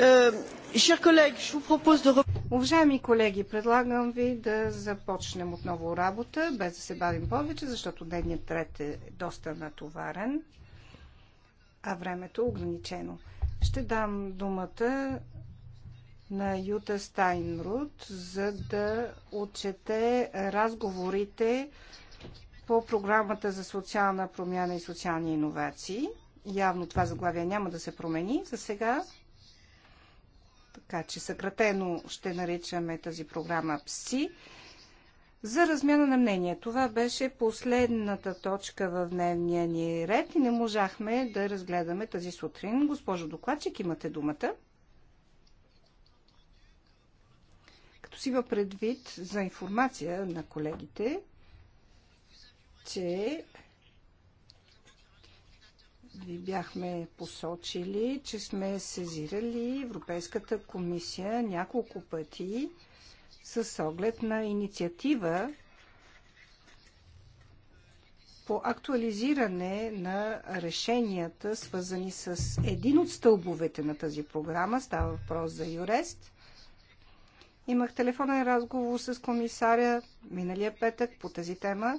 Euh, Уважаеми колеги, предлагам ви да започнем отново работа, без да се бавим повече, защото дневният ред е доста натоварен, а времето е ограничено. Ще дам думата на Юта Стайнруд, за да отчете разговорите по програмата за социална промяна и социални иновации. Явно това заглавие няма да се промени. За сега така че съкратено ще наричаме тази програма ПСИ, за размяна на мнение. Това беше последната точка в дневния ни ред и не можахме да разгледаме тази сутрин. Госпожо докладчик, имате думата. Като си има предвид за информация на колегите, че ви бяхме посочили, че сме сезирали Европейската комисия няколко пъти с оглед на инициатива по актуализиране на решенията, свързани с един от стълбовете на тази програма. Става въпрос за Юрест. Имах телефонен разговор с комисаря миналия петък по тази тема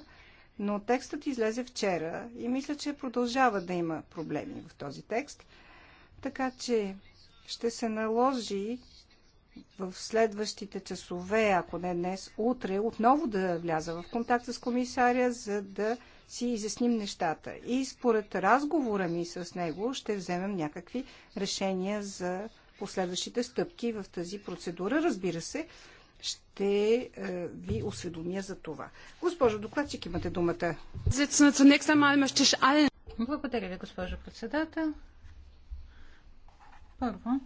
но текстът излезе вчера и мисля, че продължава да има проблеми в този текст. Така че ще се наложи в следващите часове, ако не днес, утре, отново да вляза в контакт с комисаря, за да си изясним нещата. И според разговора ми с него ще вземем някакви решения за последващите стъпки в тази процедура. Разбира се, ще е, ви осведомя за това. Госпожо докладчик, имате думата. Благодаря ви, госпожо председател. Първо,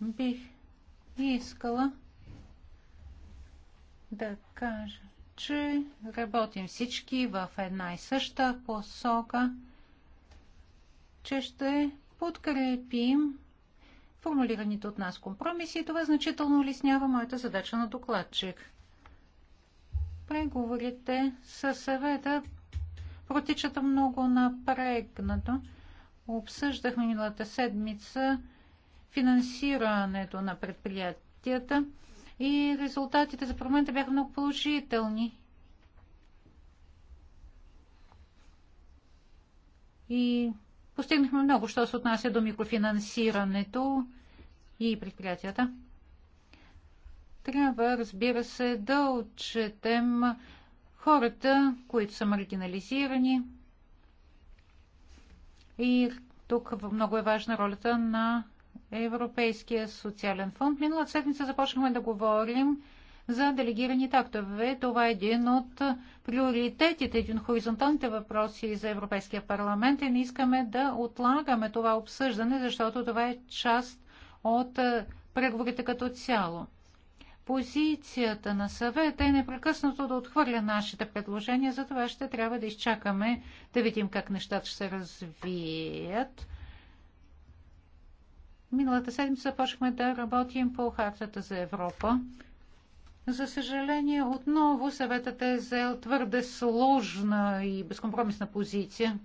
бих искала да кажа, че работим всички в една и съща посока, че ще подкрепим формулираните от нас компромиси и това значително улеснява моята задача на докладчик. Преговорите със съвета протичат много напрегнато. Обсъждахме миналата седмица финансирането на предприятията и резултатите за промените бяха много положителни. И Постигнахме много, що се отнася до микрофинансирането и предприятията. Трябва, разбира се, да отчетем хората, които са маргинализирани. И тук много е важна ролята на Европейския социален фонд. Миналата седмица започнахме да говорим за делегираните актове. Това е един от приоритетите, един от хоризонталните въпроси за Европейския парламент и не искаме да отлагаме това обсъждане, защото това е част от е, преговорите като цяло. Позицията на съвета е непрекъснато да отхвърля нашите предложения, затова ще трябва да изчакаме да видим как нещата ще се развият. Миналата седмица започнахме да работим по хартата за Европа. За съжаление, отново съветът е взел твърде сложна и безкомпромисна позиция.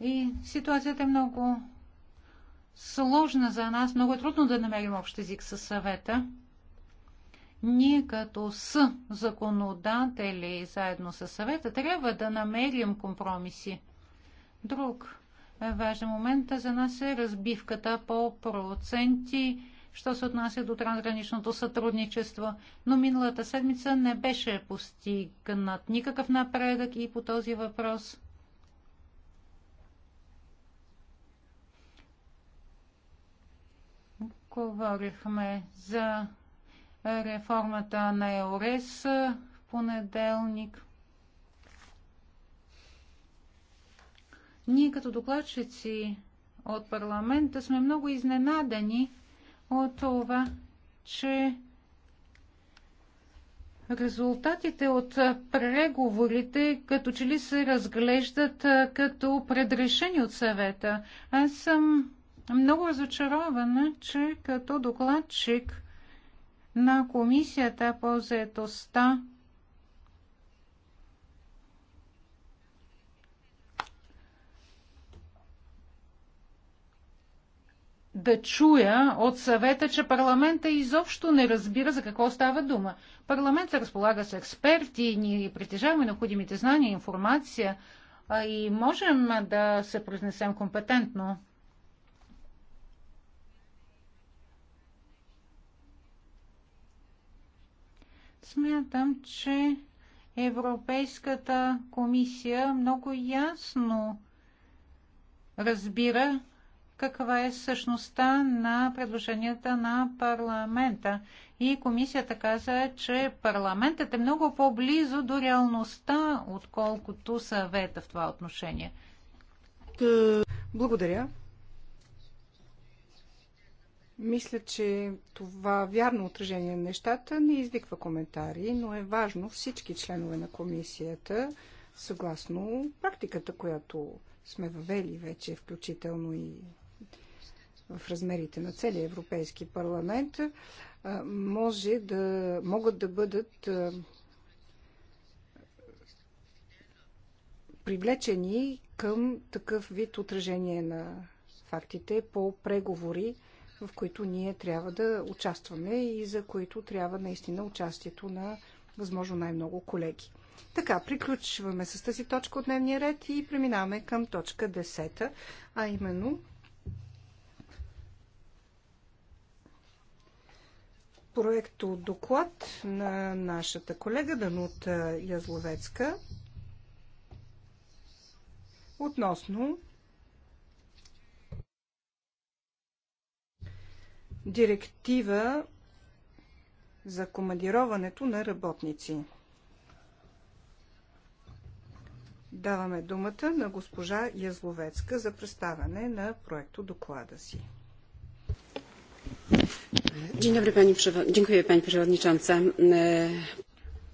И ситуацията е много сложна за нас. Много е трудно да намерим общ език със съвета. Ние като с законодатели заедно с съвета трябва да намерим компромиси. Друг важен момент за нас е разбивката по проценти, що се отнася до трансграничното сътрудничество. Но миналата седмица не беше постигнат никакъв напредък и по този въпрос. Говорихме за реформата на ЕОРЕС в понеделник. Ние като докладчици от парламента сме много изненадани от това, че резултатите от преговорите като че ли се разглеждат като предрешени от съвета. Аз съм много разочарована, че като докладчик на комисията по заедостта да чуя от съвета, че парламента изобщо не разбира за какво става дума. Парламентът разполага с експерти, ние притежаваме необходимите знания и информация и можем да се произнесем компетентно. Смятам, че Европейската комисия много ясно разбира каква е същността на предложенията на парламента. И комисията каза, че парламентът е много по-близо до реалността, отколкото съвета в това отношение. Благодаря. Мисля, че това вярно отражение на нещата не извиква коментари, но е важно всички членове на комисията, съгласно практиката, която сме въвели вече, включително и в размерите на целия Европейски парламент, може да, могат да бъдат привлечени към такъв вид отражение на фактите по преговори, в които ние трябва да участваме и за които трябва наистина участието на възможно най-много колеги. Така, приключваме с тази точка от дневния ред и преминаваме към точка 10, а именно проекто доклад на нашата колега Данута Язловецка относно директива за командироването на работници. Даваме думата на госпожа Язловецка за представяне на проекто доклада си. Dziękuję Pani Przewodnicząca. E,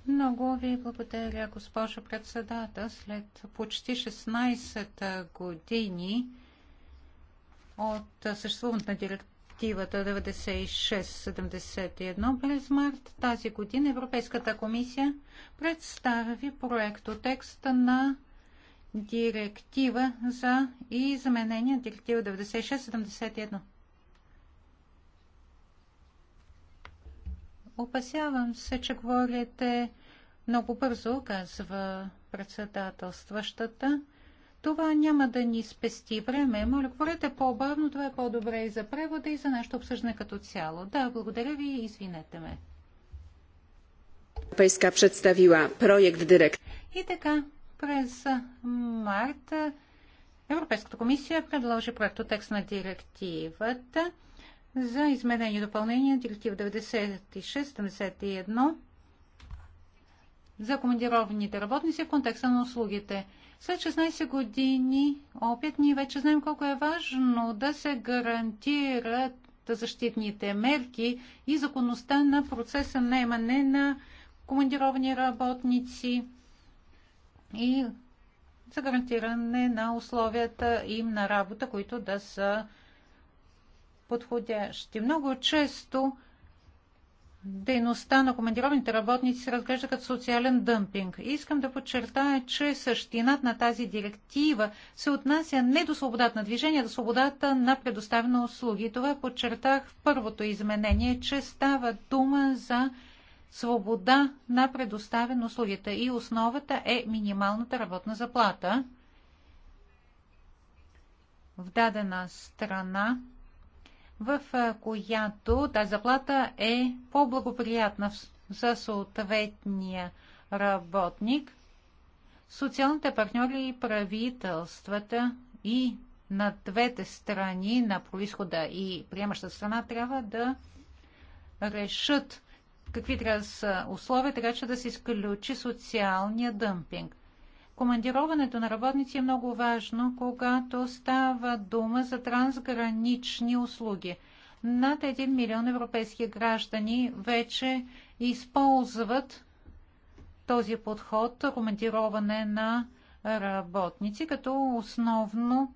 Много ви благодаря, госпожо председател. След почти 16 години от съществуването на директивата 96-71 през март тази година Европейската комисия представи проект от текста на директива за изменение директива 96-71. Опасявам се, че говорите много бързо, казва председателстващата. Това няма да ни спести време. Моля, говорете по-бавно, това е по-добре и за превода, и за нашето обсъждане като цяло. Да, благодаря ви и извинете ме. Европейска представила проект Директ. И така, през март Европейската комисия предложи проекто текст на директивата за изменение и допълнение на директива 96-71 за командированите работници в контекста на услугите. След 16 години опит ние вече знаем колко е важно да се гарантират защитните мерки и законността на процеса наемане на командировани работници и за гарантиране на условията им на работа, които да са подходящи. Много често дейността на командированите работници се разглежда като социален дъмпинг. И искам да подчертая, че същината на тази директива се отнася не до свободата на движение, а до свободата на предоставяне услуги. Това подчертах в първото изменение, че става дума за свобода на предоставяне услугите и основата е минималната работна заплата. В дадена страна в която тази заплата е по-благоприятна за съответния работник. Социалните партньори и правителствата и на двете страни на происхода и приемащата страна трябва да решат какви трябва да са условия, така че да се изключи социалния дъмпинг. Командироването на работници е много важно, когато става дума за трансгранични услуги. Над 1 милион европейски граждани вече използват този подход, командироване на работници, като основно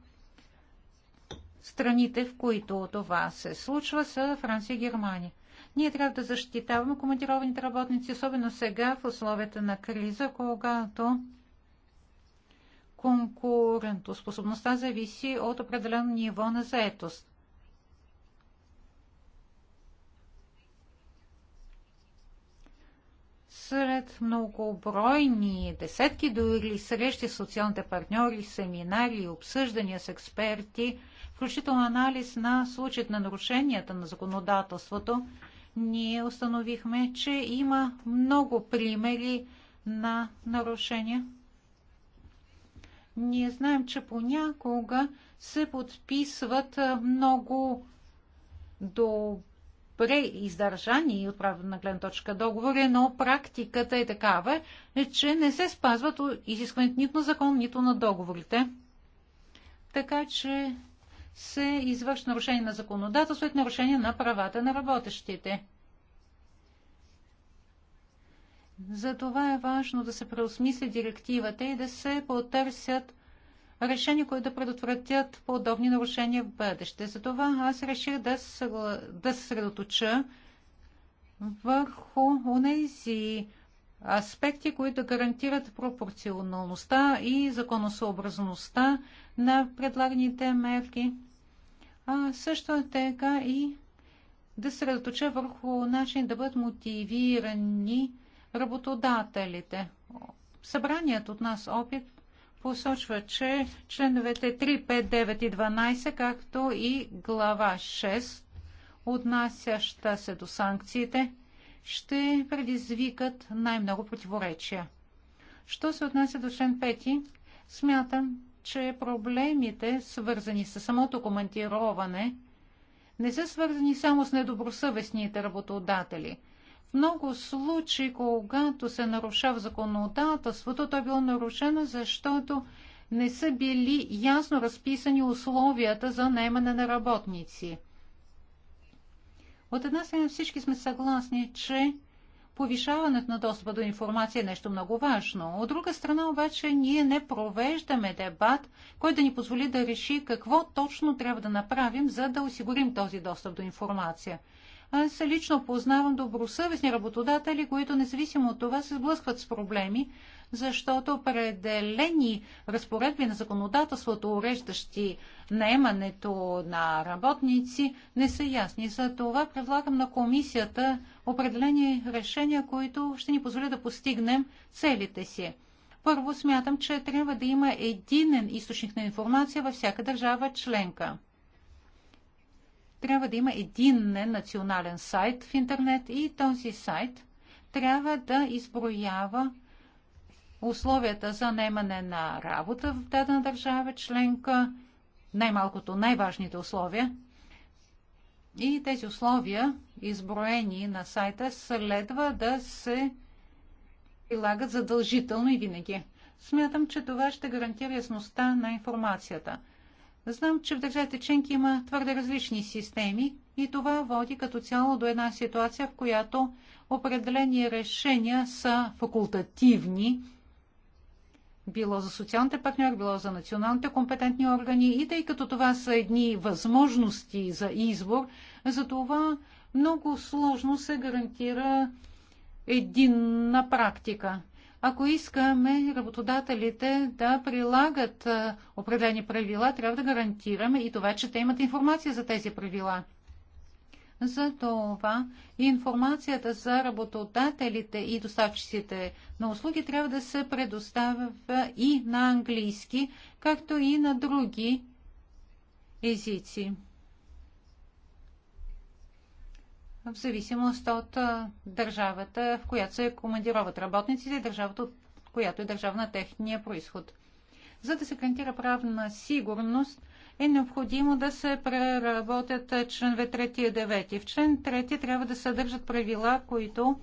страните, в които това се случва, са Франция и Германия. Ние трябва да защитаваме командированите работници, особено сега в условията на криза, когато конкурентоспособността зависи от определено ниво на заетост. Сред многобройни десетки дори срещи с социалните партньори, семинари и обсъждания с експерти, включително анализ на случаите на нарушенията на законодателството, ние установихме, че има много примери на нарушения ние знаем, че понякога се подписват много добре издържани и отправна гледна точка договори, но практиката е такава, е, че не се спазват изискването нито на закон, нито на договорите. Така че се извършва нарушение на законодателството и нарушение на правата на работещите. Затова е важно да се преосмисли директивата и да се потърсят решения, които да предотвратят подобни нарушения в бъдеще. Затова аз реших да, съгла... да съсредоточа върху тези аспекти, които гарантират пропорционалността и законосъобразността на предлаганите мерки, а също така и да средоточа върху начин да бъдат мотивирани работодателите. Събраният от нас опит посочва, че членовете 3, 5, 9 и 12, както и глава 6, отнасяща се до санкциите, ще предизвикат най-много противоречия. Що се отнася до член 5, смятам, че проблемите, свързани с самото коментироване, не са свързани само с недобросъвестните работодатели – в много случаи, когато се нарушава законодателството, то е било нарушено, защото не са били ясно разписани условията за наемане на работници. От една страна всички сме съгласни, че повишаването на достъпа до информация е нещо много важно. От друга страна обаче ние не провеждаме дебат, който да ни позволи да реши какво точно трябва да направим, за да осигурим този достъп до информация – аз лично познавам добросъвестни работодатели, които независимо от това се сблъскват с проблеми, защото определени разпоредби на законодателството, уреждащи наемането на работници, не са ясни. За това предлагам на комисията определени решения, които ще ни позволят да постигнем целите си. Първо смятам, че трябва да има единен източник на информация във всяка държава членка трябва да има един национален сайт в интернет и този сайт трябва да изброява условията за наймане на работа в дадена държава членка, най-малкото най-важните условия. И тези условия, изброени на сайта, следва да се прилагат задължително и винаги. Смятам, че това ще гарантира ясността на информацията – Знам, че в държавите членки има твърде различни системи и това води като цяло до една ситуация, в която определени решения са факултативни, било за социалните партньори, било за националните компетентни органи. И тъй като това са едни възможности за избор, за това много сложно се гарантира единна практика. Ако искаме работодателите да прилагат определени правила, трябва да гарантираме и това, че те имат информация за тези правила. За това информацията за работодателите и доставчиците на услуги трябва да се предоставя и на английски, както и на други езици. в зависимост от държавата, в която се командироват работниците, държавата, от която е държавна техния происход. За да се гарантира правна сигурност, е необходимо да се преработят членове 3 и 9. В член 3 трябва да съдържат правила, които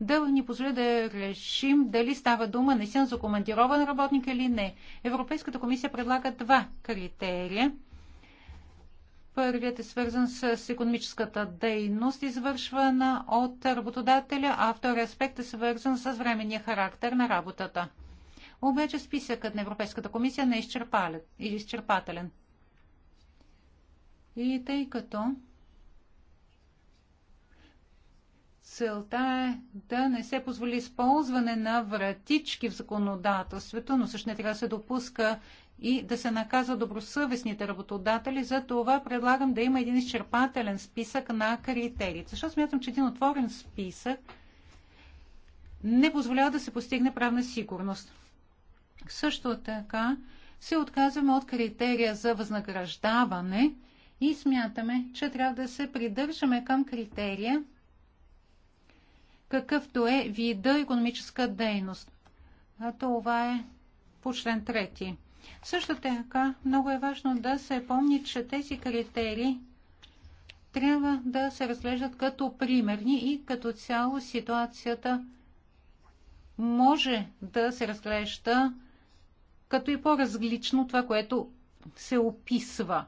да ни позволят да решим дали става дума наистина за командирован работник или не. Европейската комисия предлага два критерия – Първият е свързан с економическата дейност, извършвана от работодателя, а вторият аспект е свързан с временния характер на работата. Обаче списъкът на Европейската комисия не е изчерпателен. И тъй като целта е да не се позволи използване на вратички в законодателството, но също не трябва да се допуска и да се наказва добросъвестните работодатели. За това предлагам да има един изчерпателен списък на критериите. Защо смятам, че един отворен списък не позволява да се постигне правна сигурност. Също така се отказваме от критерия за възнаграждаване и смятаме, че трябва да се придържаме към критерия какъвто е вида економическа дейност. А това е по член 3. Също така много е важно да се помни, че тези критерии трябва да се разглеждат като примерни и като цяло ситуацията може да се разглежда като и по-различно това, което се описва.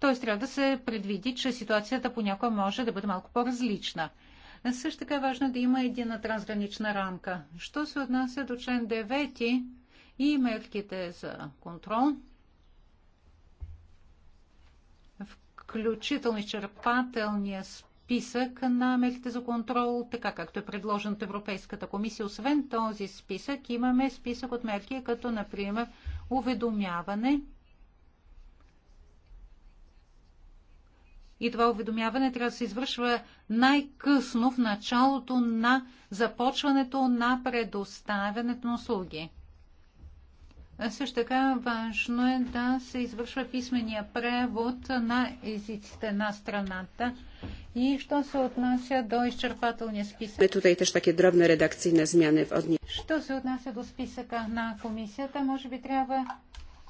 Тоест трябва да се предвиди, че ситуацията понякога може да бъде малко по-различна. Също така е важно да има едина трансгранична рамка. Що се отнася до член 9, и мерките за контрол, включително изчерпателния списък на мерките за контрол, така както е предложен от Европейската комисия. Освен този списък, имаме списък от мерки, като например уведомяване. И това уведомяване трябва да се извършва най-късно в началото на започването на предоставянето на услуги. Също така важно е да се извършва писмения превод на езиците на страната. И що се отнася до изчерпателния списък? Ме тутай теж таки дробни редакцийни змяни в одни. Що се отнася до списъка на комисията, може би трябва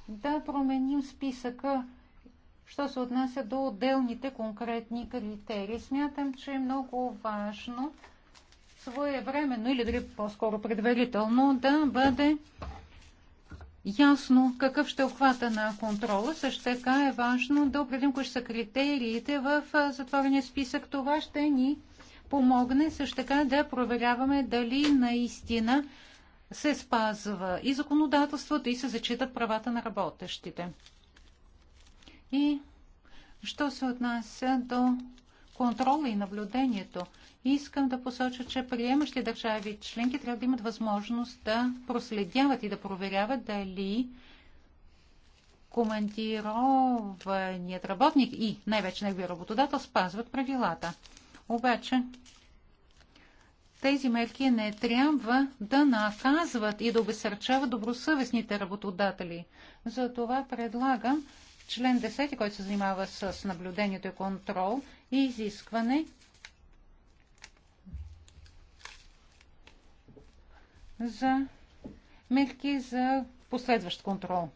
да променим списъка, що се отнася до отделните конкретни критерии. Смятам, че е много важно своевременно или дори по-скоро предварително да бъде ясно какъв ще е обхвата на контрола. Също така е важно да определим кои са критериите в затворения списък. Това ще ни помогне също така да проверяваме дали наистина се спазва и законодателството, и се зачитат правата на работещите. И що се отнася до контрола и наблюдението, Искам да посоча, че приемащи държави членки трябва да имат възможност да проследяват и да проверяват дали командированият работник и най-вече негови работодател спазват правилата. Обаче тези мерки не трябва да наказват и да обесърчават добросъвестните работодатели. Затова предлагам член 10, който се занимава с наблюдението и контрол и изискване за мерки за последващ контрол.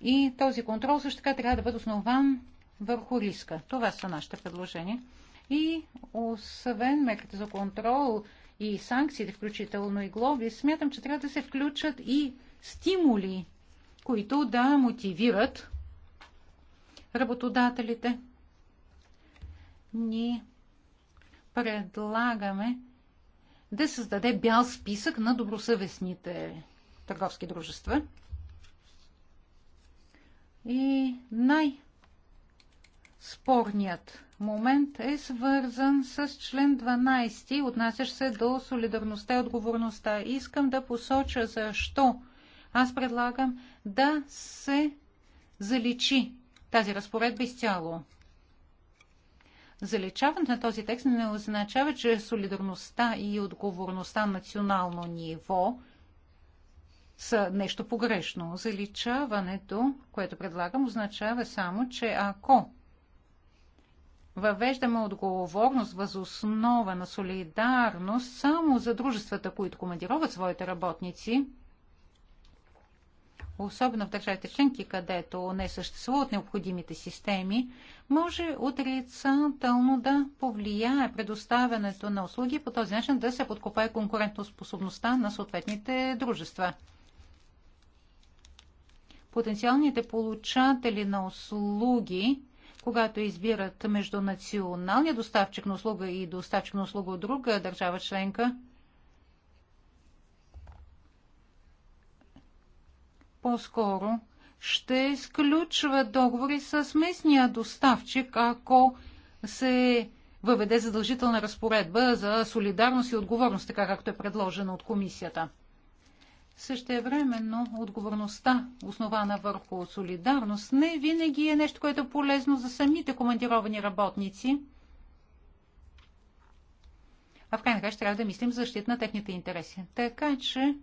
И този контрол също така трябва да бъде основан върху риска. Това са нашите предложения. И освен мерките за контрол и санкциите, включително и глоби, смятам, че трябва да се включат и стимули, които да мотивират работодателите. Ние предлагаме да създаде бял списък на добросъвестните търговски дружества. И най-спорният момент е свързан с член 12, отнасящ се до солидарността и отговорността. Искам да посоча защо аз предлагам да се заличи тази разпоредба изцяло. Заличаването на този текст не означава, че солидарността и отговорността на национално ниво са нещо погрешно. Заличаването, което предлагам, означава само, че ако въвеждаме отговорност възоснова на солидарност само за дружествата, които командироват своите работници – особено в държавите членки, където не съществуват необходимите системи, може отрицателно да повлияе предоставянето на услуги по този начин да се подкопае конкурентоспособността на съответните дружества. Потенциалните получатели на услуги когато избират между националния доставчик на услуга и доставчик на услуга от друга държава членка, по-скоро ще изключват договори с местния доставчик, ако се въведе задължителна разпоредба за солидарност и отговорност, така както е предложена от комисията. Същевременно отговорността, основана върху солидарност, не винаги е нещо, което е полезно за самите командировани работници. А в крайна ще трябва да мислим за защита на техните интереси. Така че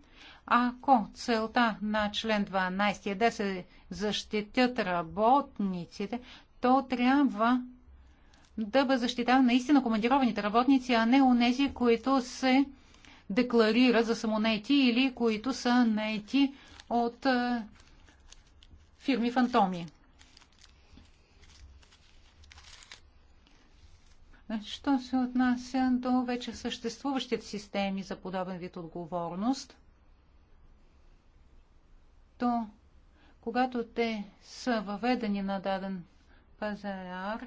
ако целта на член 12 е да се защитят работниците, то трябва да бъде защитава наистина командированите работници, а не онези, които се декларират за самонети или които са наети от е, фирми фантоми. Що се отнася до вече съществуващите системи за подобен вид отговорност, то когато те са въведени на даден пазар,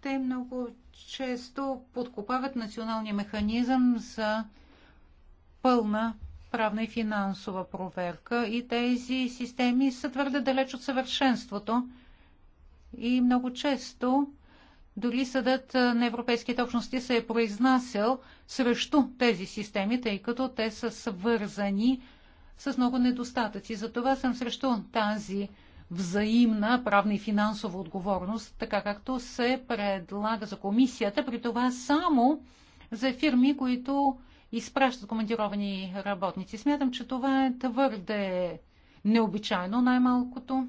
те много често подкопават националния механизъм за пълна правна и финансова проверка и тези системи са твърде далеч от съвършенството и много често дори съдът на европейските общности се е произнасял срещу тези системи, тъй като те са свързани с много недостатъци. Затова съм срещу тази взаимна правна и финансова отговорност, така както се предлага за комисията, при това само за фирми, които изпращат командировани работници. Смятам, че това е твърде необичайно най-малкото.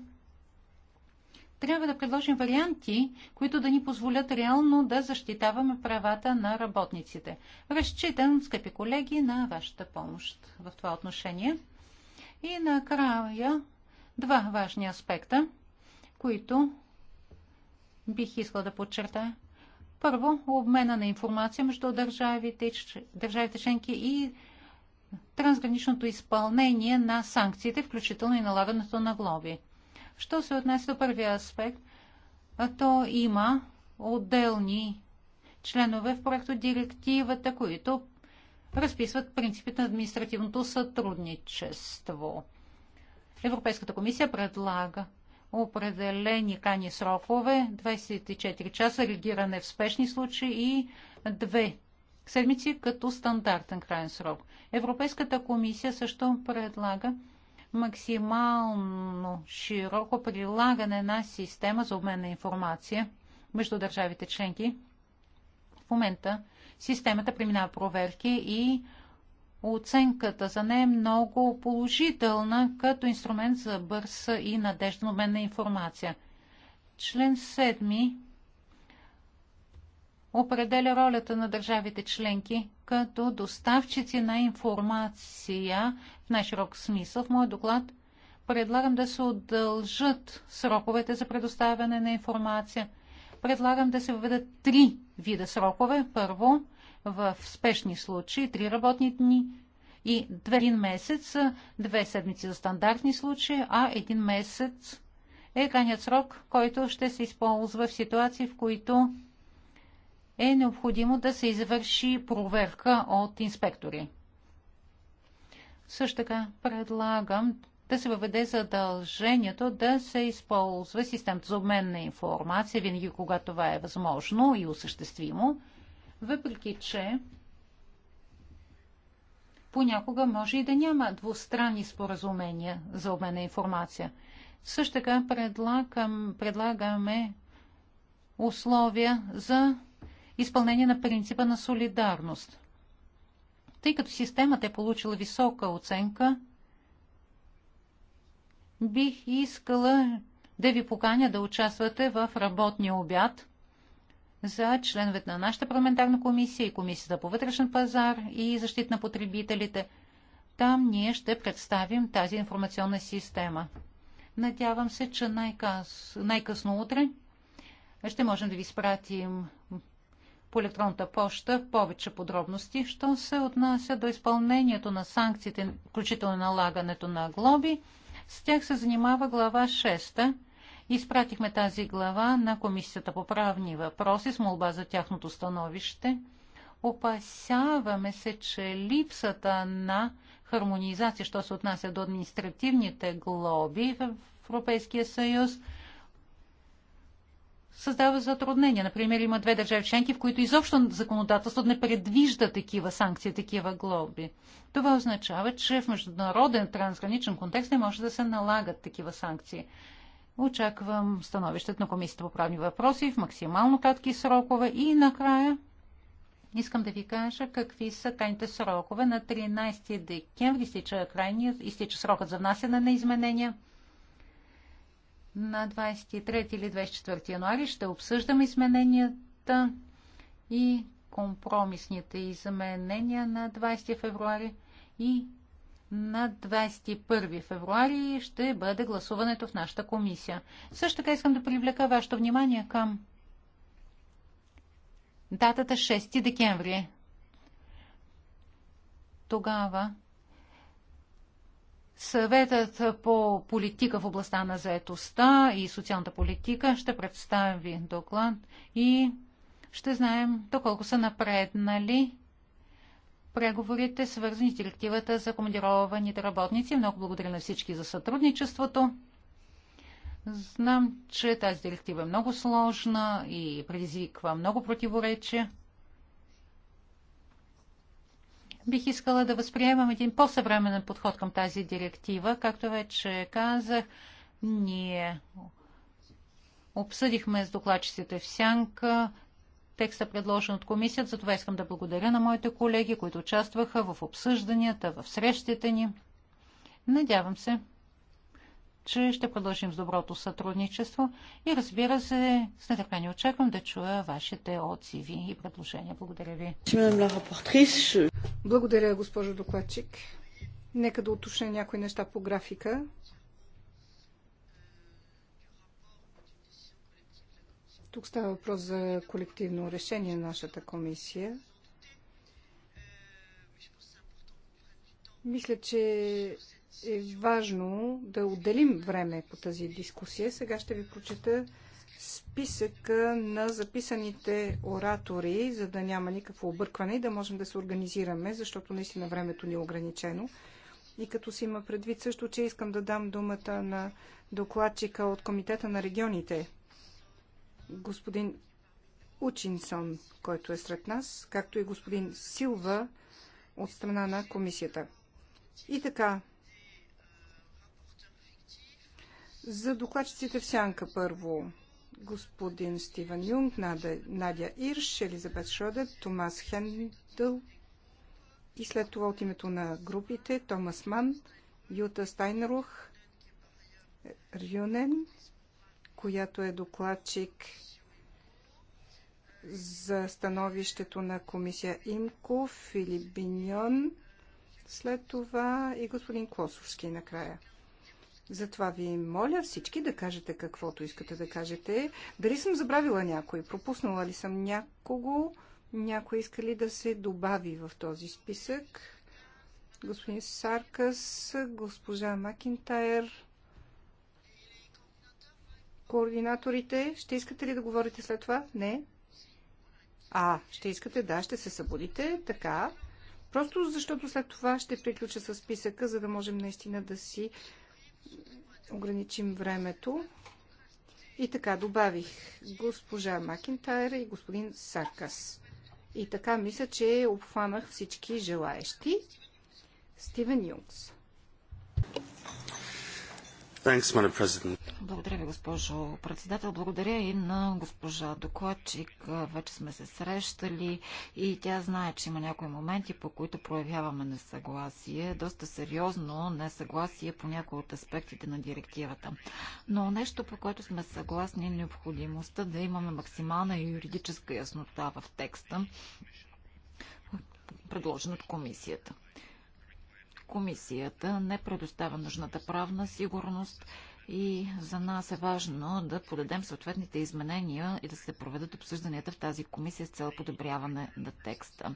Трябва да предложим варианти, които да ни позволят реално да защитаваме правата на работниците. Разчитам, скъпи колеги, на вашата помощ в това отношение. И накрая два важни аспекта, които бих искал да подчертая. Първо, обмена на информация между държавите, държавите членки и трансграничното изпълнение на санкциите, включително и налагането на глоби. Що се отнася до първия аспект, то има отделни членове в проекто директивата, които разписват принципите на административното сътрудничество. Европейската комисия предлага определени крайни срокове, 24 часа реагиране в спешни случаи и 2 седмици като стандартен крайен срок. Европейската комисия също предлага максимално широко прилагане на система за обмен на информация между държавите членки. В момента Системата преминава проверки и оценката за нея е много положителна като инструмент за бърз и надежден обмен на информация. Член 7 определя ролята на държавите членки като доставчици на информация в най-широк смисъл. В моят доклад предлагам да се удължат сроковете за предоставяне на информация – предлагам да се въведат три вида срокове. Първо, в спешни случаи, три работни дни и две един месец, две седмици за стандартни случаи, а един месец е крайният срок, който ще се използва в ситуации, в които е необходимо да се извърши проверка от инспектори. Също така предлагам да се въведе задължението да се използва системата за обмен на информация, винаги когато това е възможно и осъществимо, въпреки че понякога може и да няма двустранни споразумения за обмен на информация. Също така предлагам, предлагаме условия за изпълнение на принципа на солидарност. Тъй като системата е получила висока оценка, бих искала да ви поканя да участвате в работния обяд за членовете на нашата парламентарна комисия и Комисията по вътрешен пазар и защита на потребителите. Там ние ще представим тази информационна система. Надявам се, че най-къс, най-късно утре ще можем да ви спратим по електронната поща повече подробности, що се отнася до изпълнението на санкциите, включително налагането на глоби. С тях се занимава глава 6. Изпратихме тази глава на Комисията по правни въпроси с молба за тяхното становище. Опасяваме се, че липсата на хармонизация, що се отнася до административните глоби в Европейския съюз – създава затруднения. Например, има две държави членки, в които изобщо законодателството не предвижда такива санкции, такива глоби. Това означава, че в международен трансграничен контекст не може да се налагат такива санкции. Очаквам становището на Комисията по правни въпроси в максимално кратки срокове и накрая искам да ви кажа какви са крайните срокове. На 13 декември изтича, крайния, изтича срокът за внасяне на изменения на 23 или 24 януари ще обсъждаме измененията и компромисните изменения на 20 февруари и на 21 февруари ще бъде гласуването в нашата комисия. Също така искам да привлека вашето внимание към датата 6 декември. Тогава Съветът по политика в областта на заетостта и социалната политика ще представи доклад и ще знаем доколко са напреднали преговорите, свързани с директивата за командированите работници. Много благодаря на всички за сътрудничеството. Знам, че тази директива е много сложна и предизвиква много противоречия бих искала да възприемам един по-съвременен подход към тази директива. Както вече казах, ние обсъдихме с докладчиците в Сянка текста предложен от комисията. Затова искам да благодаря на моите колеги, които участваха в обсъжданията, в срещите ни. Надявам се, че ще продължим с доброто сътрудничество и разбира се, с нетърпение очаквам да чуя вашите отзиви и предложения. Благодаря ви. Благодаря, госпожо докладчик. Нека да уточня някои неща по графика. Тук става въпрос за колективно решение на нашата комисия. Мисля, че е важно да отделим време по тази дискусия. Сега ще ви прочета списъка на записаните оратори, за да няма никакво объркване и да можем да се организираме, защото наистина времето ни е ограничено. И като си има предвид също, че искам да дам думата на докладчика от Комитета на регионите, господин Учинсон, който е сред нас, както и господин Силва от страна на комисията. И така, За докладчиците в сянка първо господин Стивен Юнг, Надя, Надя Ирш, Елизабет Шродер, Томас Хендъл и след това от името на групите Томас Ман, Юта Стайнрух, Рюнен, която е докладчик за становището на комисия Имко, Филип Биньон, след това и господин Клосовски накрая. Затова ви моля всички да кажете каквото искате да кажете. Дали съм забравила някой, пропуснала ли съм някого, някой иска ли да се добави в този списък? Господин Саркас, госпожа Макинтайр, координаторите, ще искате ли да говорите след това? Не. А, ще искате, да, ще се събудите, така. Просто защото след това ще приключа с списъка, за да можем наистина да си ограничим времето. И така добавих госпожа Макинтайр и господин Саркас. И така мисля, че обхванах всички желаещи. Стивен Юнгс. Благодаря ви, госпожо председател. Благодаря и на госпожа докладчик. Вече сме се срещали и тя знае, че има някои моменти, по които проявяваме несъгласие. Доста сериозно несъгласие по някои от аспектите на директивата. Но нещо, по което сме съгласни е необходимостта да имаме максимална юридическа яснота в текста, предложен от комисията комисията не предоставя нужната правна сигурност и за нас е важно да подадем съответните изменения и да се проведат обсъжданията в тази комисия с цел подобряване на текста.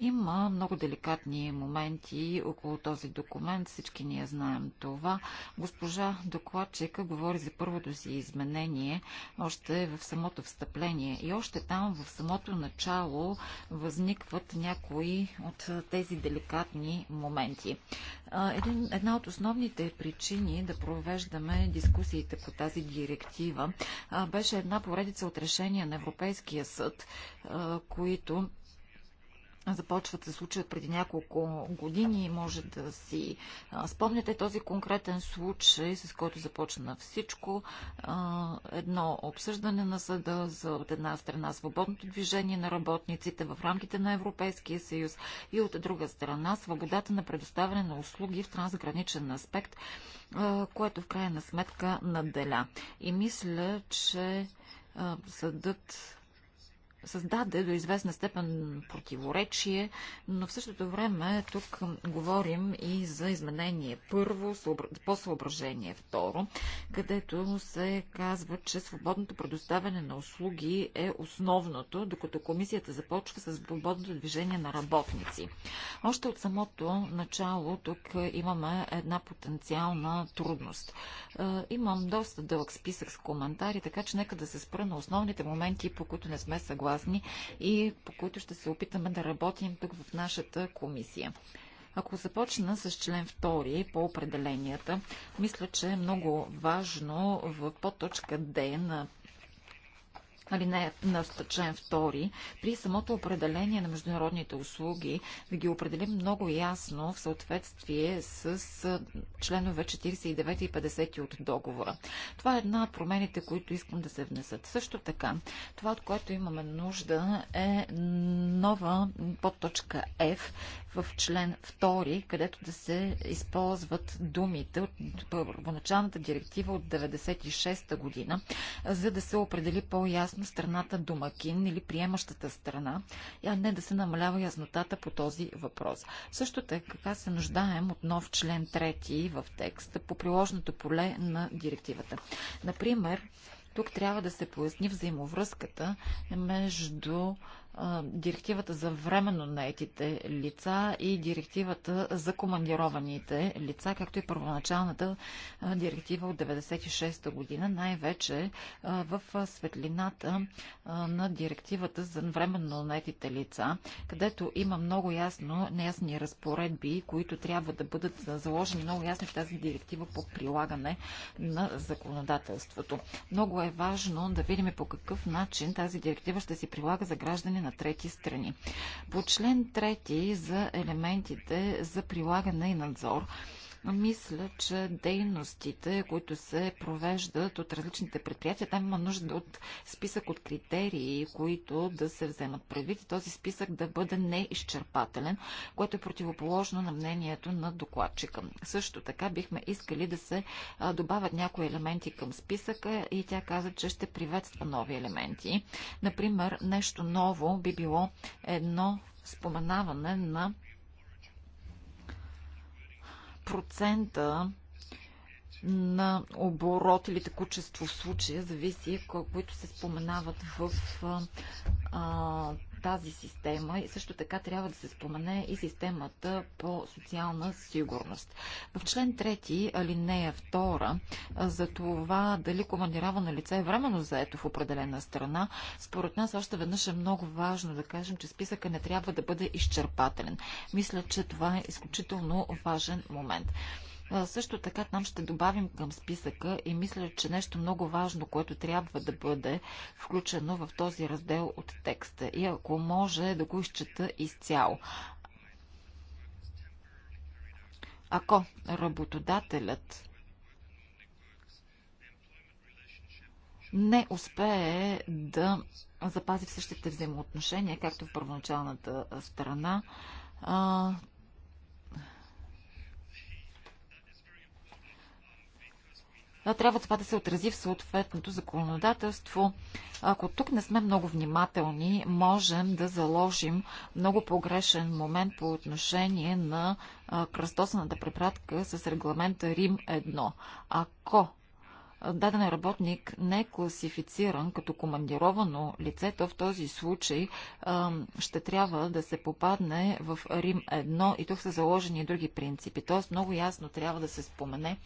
Има много деликатни моменти около този документ, всички ние знаем това. Госпожа докладчика говори за първото си изменение още в самото встъпление и още там в самото начало възникват някои от тези деликатни моменти. Един, една от основните причини да провеждаме дискусиите по тази директива беше една поредица от решения на Европейския съд, които започват да случват преди няколко години. Може да си спомняте този конкретен случай, с който започна всичко. Едно обсъждане на съда за от една страна свободното движение на работниците в рамките на Европейския съюз и от друга страна свободата на предоставяне на услуги в трансграничен аспект, което в крайна сметка наделя. И мисля, че съдът създаде до известна степен противоречие, но в същото време тук говорим и за изменение първо, по съображение второ, където се казва, че свободното предоставяне на услуги е основното, докато комисията започва с свободното движение на работници. Още от самото начало тук имаме една потенциална трудност. Е, имам доста дълъг списък с коментари, така че нека да се спра на основните моменти, по които не сме съгласни съгласни и по които ще се опитаме да работим тук в нашата комисия. Ако започна с член 2 по определенията, мисля, че е много важно в подточка Д на не на член 2, при самото определение на международните услуги да ги определим много ясно в съответствие с членове 49 и 50 от договора. Това е една от промените, които искам да се внесат. Също така, това, от което имаме нужда е нова подточка F, в член 2, където да се използват думите от първоначалната директива от 96-та година, за да се определи по-ясно страната домакин или приемащата страна, а не да се намалява яснотата по този въпрос. Също така се нуждаем от нов член 3 в текста по приложното поле на директивата. Например, тук трябва да се поясни взаимовръзката между директивата за временно наетите лица и директивата за командированите лица, както и първоначалната директива от 1996 година, най-вече в светлината на директивата за временно наетите лица, където има много ясно неясни разпоредби, които трябва да бъдат заложени много ясно в тази директива по прилагане на законодателството. Много е важно да видим по какъв начин тази директива ще се прилага за граждани на трети страни. По член 3 за елементите за прилагане и надзор мисля, че дейностите, които се провеждат от различните предприятия, там има нужда от списък от критерии, които да се вземат предвид и този списък да бъде неизчерпателен, което е противоположно на мнението на докладчика. Също така бихме искали да се добавят някои елементи към списъка и тя каза, че ще приветства нови елементи. Например, нещо ново би било едно споменаване на процента на оборот или текучество в случая зависи, които се споменават в а, тази система и също така трябва да се спомене и системата по социална сигурност. В член 3, алинея 2, за това дали командировано лице е временно заето в определена страна, според нас още веднъж е много важно да кажем, че списъка не трябва да бъде изчерпателен. Мисля, че това е изключително важен момент. Също така там ще добавим към списъка и мисля, че нещо много важно, което трябва да бъде включено в този раздел от текста. И ако може да го изчета изцяло. Ако работодателят не успее да запази в същите взаимоотношения, както в първоначалната страна, трябва това да се отрази в съответното законодателство. Ако тук не сме много внимателни, можем да заложим много погрешен момент по отношение на кръстосната препратка с регламента Рим 1. Ако даден работник не е класифициран като командировано лице, то в този случай а, ще трябва да се попадне в Рим 1 и тук са заложени и други принципи. Тоест много ясно трябва да се спомене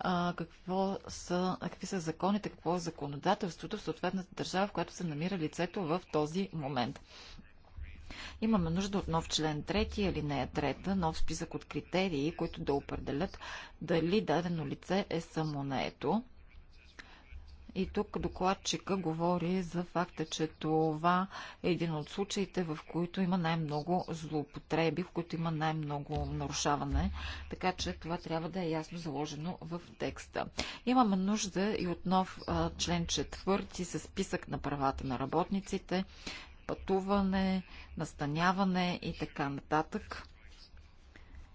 а, какво са, какви са законите, какво е законодателството в съответната държава, в която се намира лицето в този момент. Имаме нужда от нов член 3, нея 3, нов списък от критерии, които да определят дали дадено лице е самонаето и тук докладчика говори за факта, че това е един от случаите, в които има най-много злоупотреби, в които има най-много нарушаване. Така че това трябва да е ясно заложено в текста. Имаме нужда и от нов член четвърти с списък на правата на работниците, пътуване, настаняване и така нататък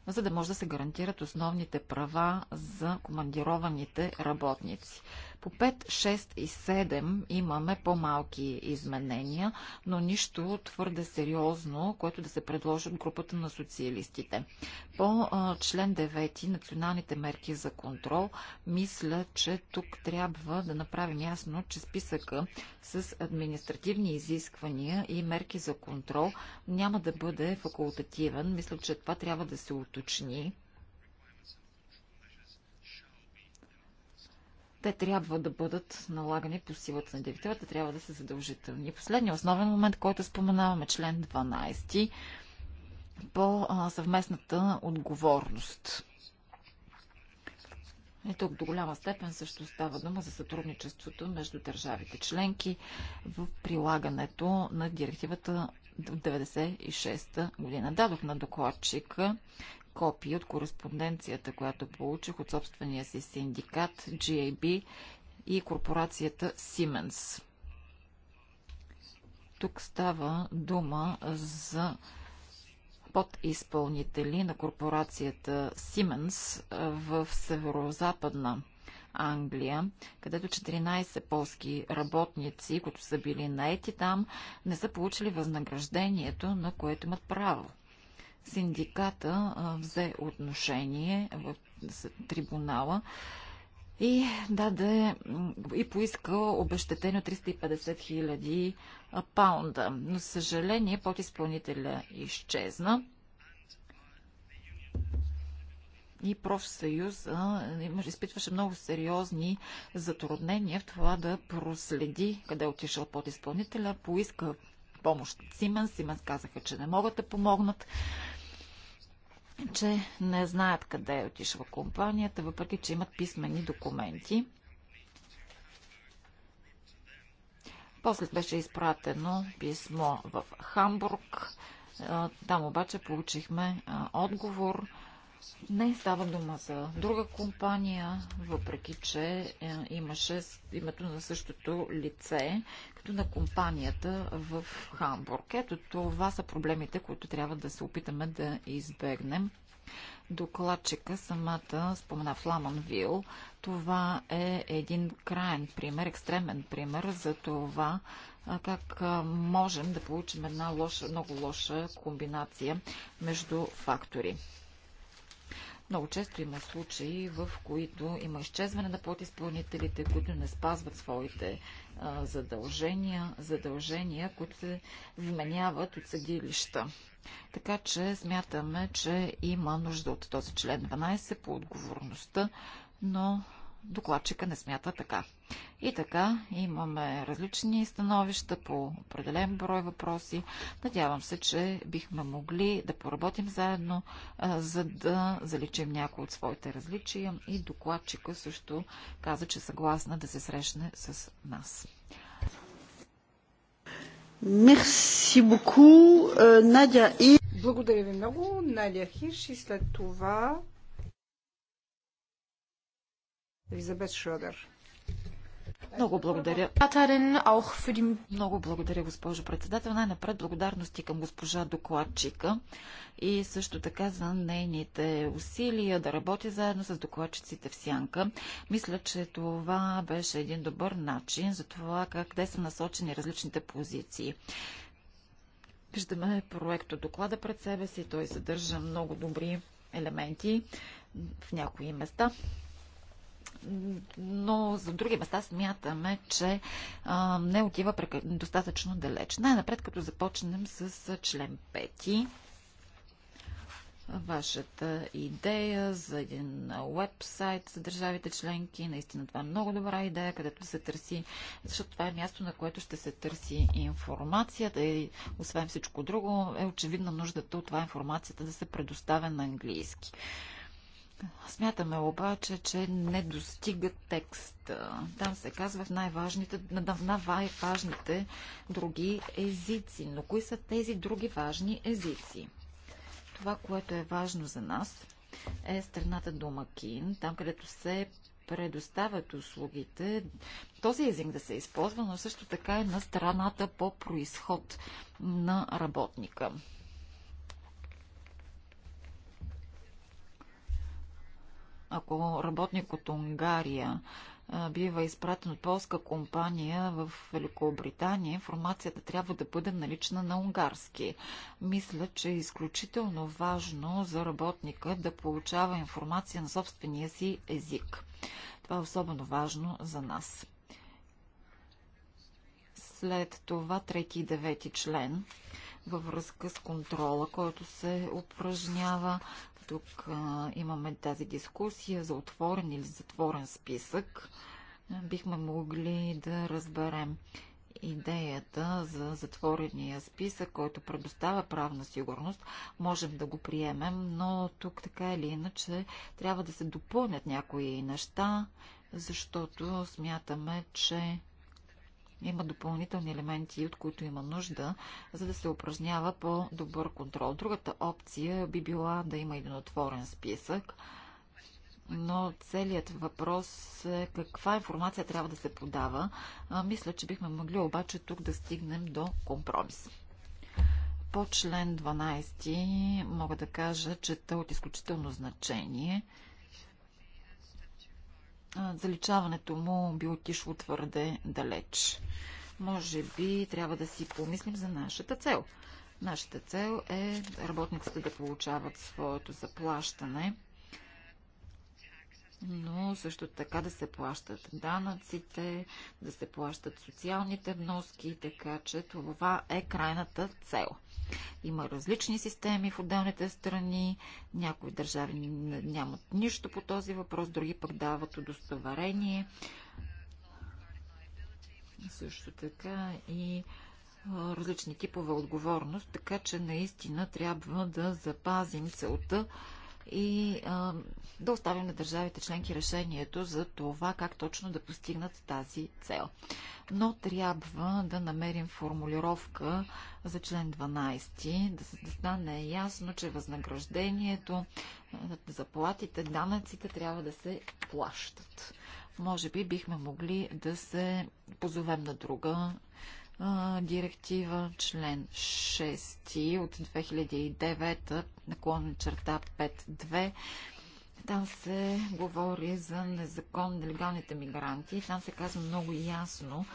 за да може да се гарантират основните права за командированите работници. По 5, 6 и 7 имаме по-малки изменения, но нищо твърде сериозно, което да се предложи от групата на социалистите. По член 9, националните мерки за контрол, мисля, че тук трябва да направим ясно, че списъка с административни изисквания и мерки за контрол няма да бъде факултативен. Мисля, че това трябва да се уточни Те трябва да бъдат налагани по силата на директивата, трябва да са задължителни. последният основен момент, който споменаваме, член 12 по а, съвместната отговорност. И тук до голяма степен също става дума за сътрудничеството между държавите членки в прилагането на директивата в 96-та година. Дадох на докладчика Копия от кореспонденцията, която получих от собствения си синдикат GAB и корпорацията Siemens. Тук става дума за подизпълнители на корпорацията Siemens в северо-западна Англия, където 14 полски работници, които са били наети там, не са получили възнаграждението, на което имат право. Синдиката взе отношение в трибунала и даде и поиска обещетение от 350 хиляди паунда. Но съжаление изпълнителя изчезна и профсъюз изпитваше много сериозни затруднения в това да проследи къде е отишъл изпълнителя, поиска помощ от Сименс. Сименс казаха, че не могат да помогнат че не знаят къде е отишла компанията, въпреки че имат писмени документи. После беше изпратено писмо в Хамбург. Там обаче получихме отговор не става дума за друга компания, въпреки че е, имаше името на същото лице, като на компанията в Хамбург. Ето това са проблемите, които трябва да се опитаме да избегнем. Докладчика самата спомена Фламанвил. Това е един крайен пример, екстремен пример за това как можем да получим една лоша, много лоша комбинация между фактори. Много често има случаи, в които има изчезване на подизпълнителите, които не спазват своите а, задължения, задължения, които се вменяват от съдилища. Така че смятаме, че има нужда от този член 12 по отговорността, но докладчика не смята така. И така, имаме различни становища по определен брой въпроси. Надявам се, че бихме могли да поработим заедно, за да заличим някои от своите различия. И докладчика също каза, че е съгласна да се срещне с нас. Мерси Надя и... Благодаря ви много, Надя Хирш и след това Елизабет Шродер. Много благодаря. Много благодаря, госпожо председател. Най-напред благодарности към госпожа докладчика и също така за нейните усилия да работи заедно с докладчиците в Сянка. Мисля, че това беше един добър начин за това къде са насочени различните позиции. Виждаме проекто доклада пред себе си. Той съдържа много добри елементи в някои места но за други места смятаме, че а, не отива достатъчно далеч. Най-напред, като започнем с член 5 вашата идея за един вебсайт за държавите членки. Наистина това е много добра идея, където се търси, защото това е място, на което ще се търси информацията и освен всичко друго е очевидна нуждата от това информацията да се предоставя на английски. Смятаме обаче, че не достига текст. Там се казва в най-важните, на най-важните други езици. Но кои са тези други важни езици? Това, което е важно за нас, е страната домакин, там където се предоставят услугите, този език да се използва, но също така и на страната по происход на работника. ако работник от Унгария бива изпратен от полска компания в Великобритания, информацията трябва да бъде налична на унгарски. Мисля, че е изключително важно за работника да получава информация на собствения си език. Това е особено важно за нас. След това трети и девети член във връзка с контрола, който се упражнява тук а, имаме тази дискусия за отворен или затворен списък. Бихме могли да разберем идеята за затворения списък, който предоставя правна сигурност, можем да го приемем, но тук така или иначе трябва да се допълнят някои неща, защото смятаме, че има допълнителни елементи, от които има нужда, за да се упражнява по-добър контрол. Другата опция би била да има един отворен списък, но целият въпрос е каква информация трябва да се подава. А, мисля, че бихме могли обаче тук да стигнем до компромис. По член 12 мога да кажа, че те от изключително значение – заличаването му би отишло твърде далеч. Може би трябва да си помислим за нашата цел. Нашата цел е работниците да получават своето заплащане – но също така да се плащат данъците, да се плащат социалните вноски, така че това е крайната цел. Има различни системи в отделните страни, някои държави нямат нищо по този въпрос, други пък дават удостоверение. Също така и различни типове отговорност, така че наистина трябва да запазим целта и а, да оставим на държавите членки решението за това как точно да постигнат тази цел. Но трябва да намерим формулировка за член 12, да, да стане ясно, че възнаграждението, е, заплатите, данъците трябва да се плащат. Може би бихме могли да се позовем на друга директива член 6 от 2009 наклонна черта 5.2 там се говори за незаконни, нелегалните мигранти. Там се казва много ясно,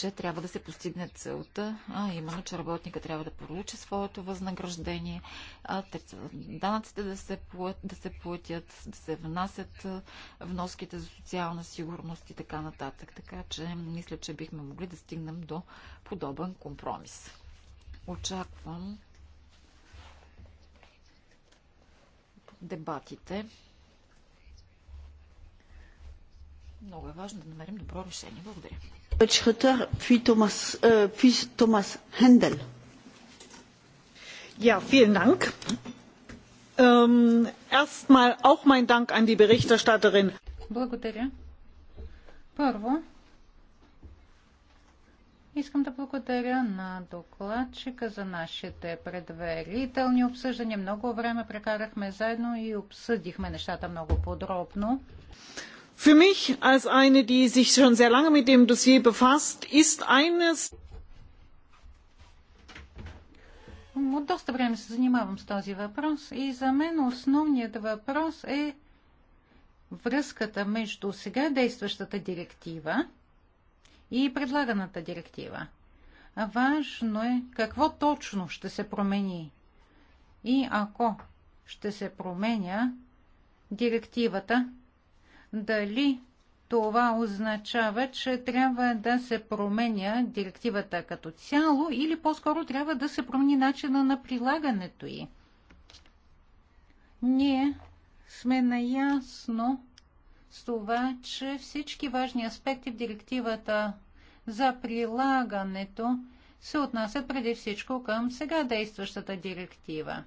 че трябва да се постигне целта, а именно, че работника трябва да получи своето възнаграждение, а данъците да се, плат, да се платят, да се внасят вноските за социална сигурност и така нататък. Така че мисля, че бихме могли да стигнем до подобен компромис. Очаквам дебатите. Много е важно да намерим добро решение. Благодаря. Euh, ja, vielen Dank. Ähm, auch mein Dank an die Berichterstatterin. Благодаря. Първо, искам да благодаря на докладчика за нашите предварителни обсъждания. Много време прекарахме заедно и обсъдихме нещата много подробно. Für mich als eine, die sich schon sehr lange mit dem Dossier befasst, ist eines. От доста време се занимавам с този въпрос и за мен основният въпрос е връзката между сега действащата директива и предлаганата директива. Важно е какво точно ще се промени. И ако ще се променя директивата, дали това означава, че трябва да се променя директивата като цяло или по-скоро трябва да се промени начина на прилагането й. Ние сме наясно с това, че всички важни аспекти в директивата за прилагането се отнасят преди всичко към сега действащата директива.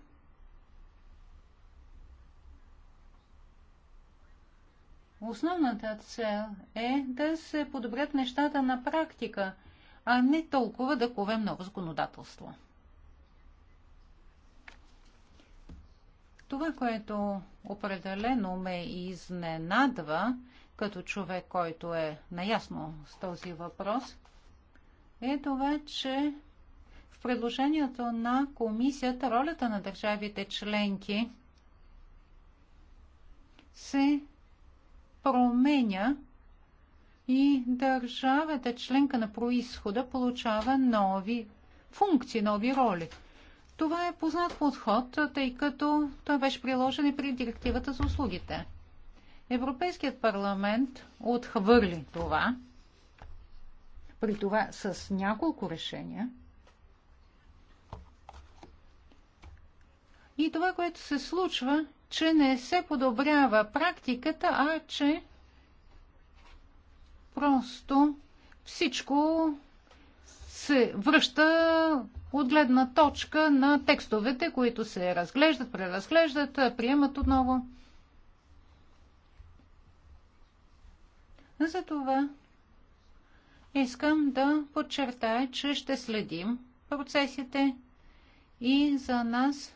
Основната цел е да се подобрят нещата на практика, а не толкова да ковем ново законодателство. Това, което определено ме изненадва, като човек, който е наясно с този въпрос, е това, че в предложението на комисията ролята на държавите членки се променя и държавата членка на происхода получава нови функции, нови роли. Това е познат подход, тъй като той беше приложен и при директивата за услугите. Европейският парламент отхвърли това, при това с няколко решения. И това, което се случва, че не се подобрява практиката, а че просто всичко се връща от гледна точка на текстовете, които се разглеждат, преразглеждат, приемат отново. Затова искам да подчертая, че ще следим процесите и за нас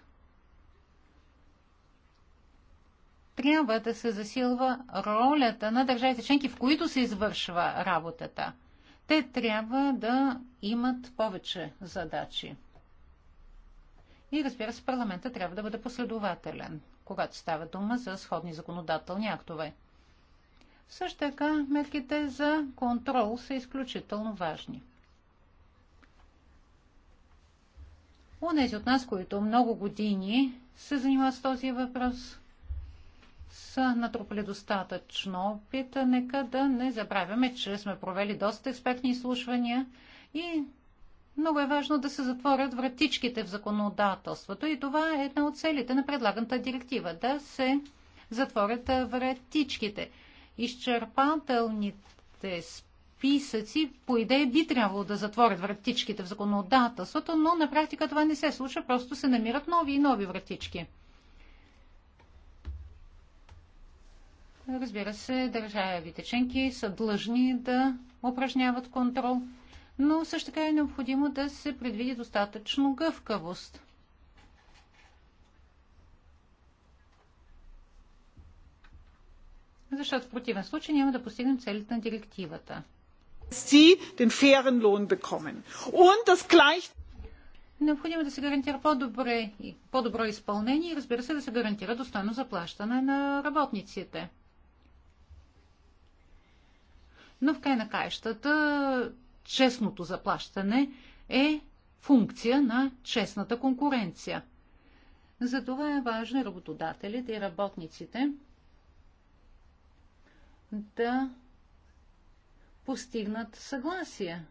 трябва да се засилва ролята на държавите членки, в които се извършва работата. Те трябва да имат повече задачи. И разбира се, парламента трябва да бъде последователен, когато става дума за сходни законодателни актове. Също така, мерките за контрол са изключително важни. Унези от нас, които много години се занимават с този въпрос, са натрупали достатъчно опит. Нека да не забравяме, че сме провели доста експертни изслушвания и много е важно да се затворят вратичките в законодателството и това е една от целите на предлаганата директива – да се затворят вратичките. Изчерпателните списъци по идея би трябвало да затворят вратичките в законодателството, но на практика това не се случва, просто се намират нови и нови вратички – Разбира се, държавите членки са длъжни да упражняват контрол, но също така е необходимо да се предвиди достатъчно гъвкавост. Защото в противен случай няма да постигнем целите на директивата. Необходимо е да се гарантира по-добре, по-добро изпълнение и разбира се да се гарантира достойно заплащане на работниците. Но в край на краищата честното заплащане е функция на честната конкуренция. Затова е важно работодателите и работниците да постигнат съгласие.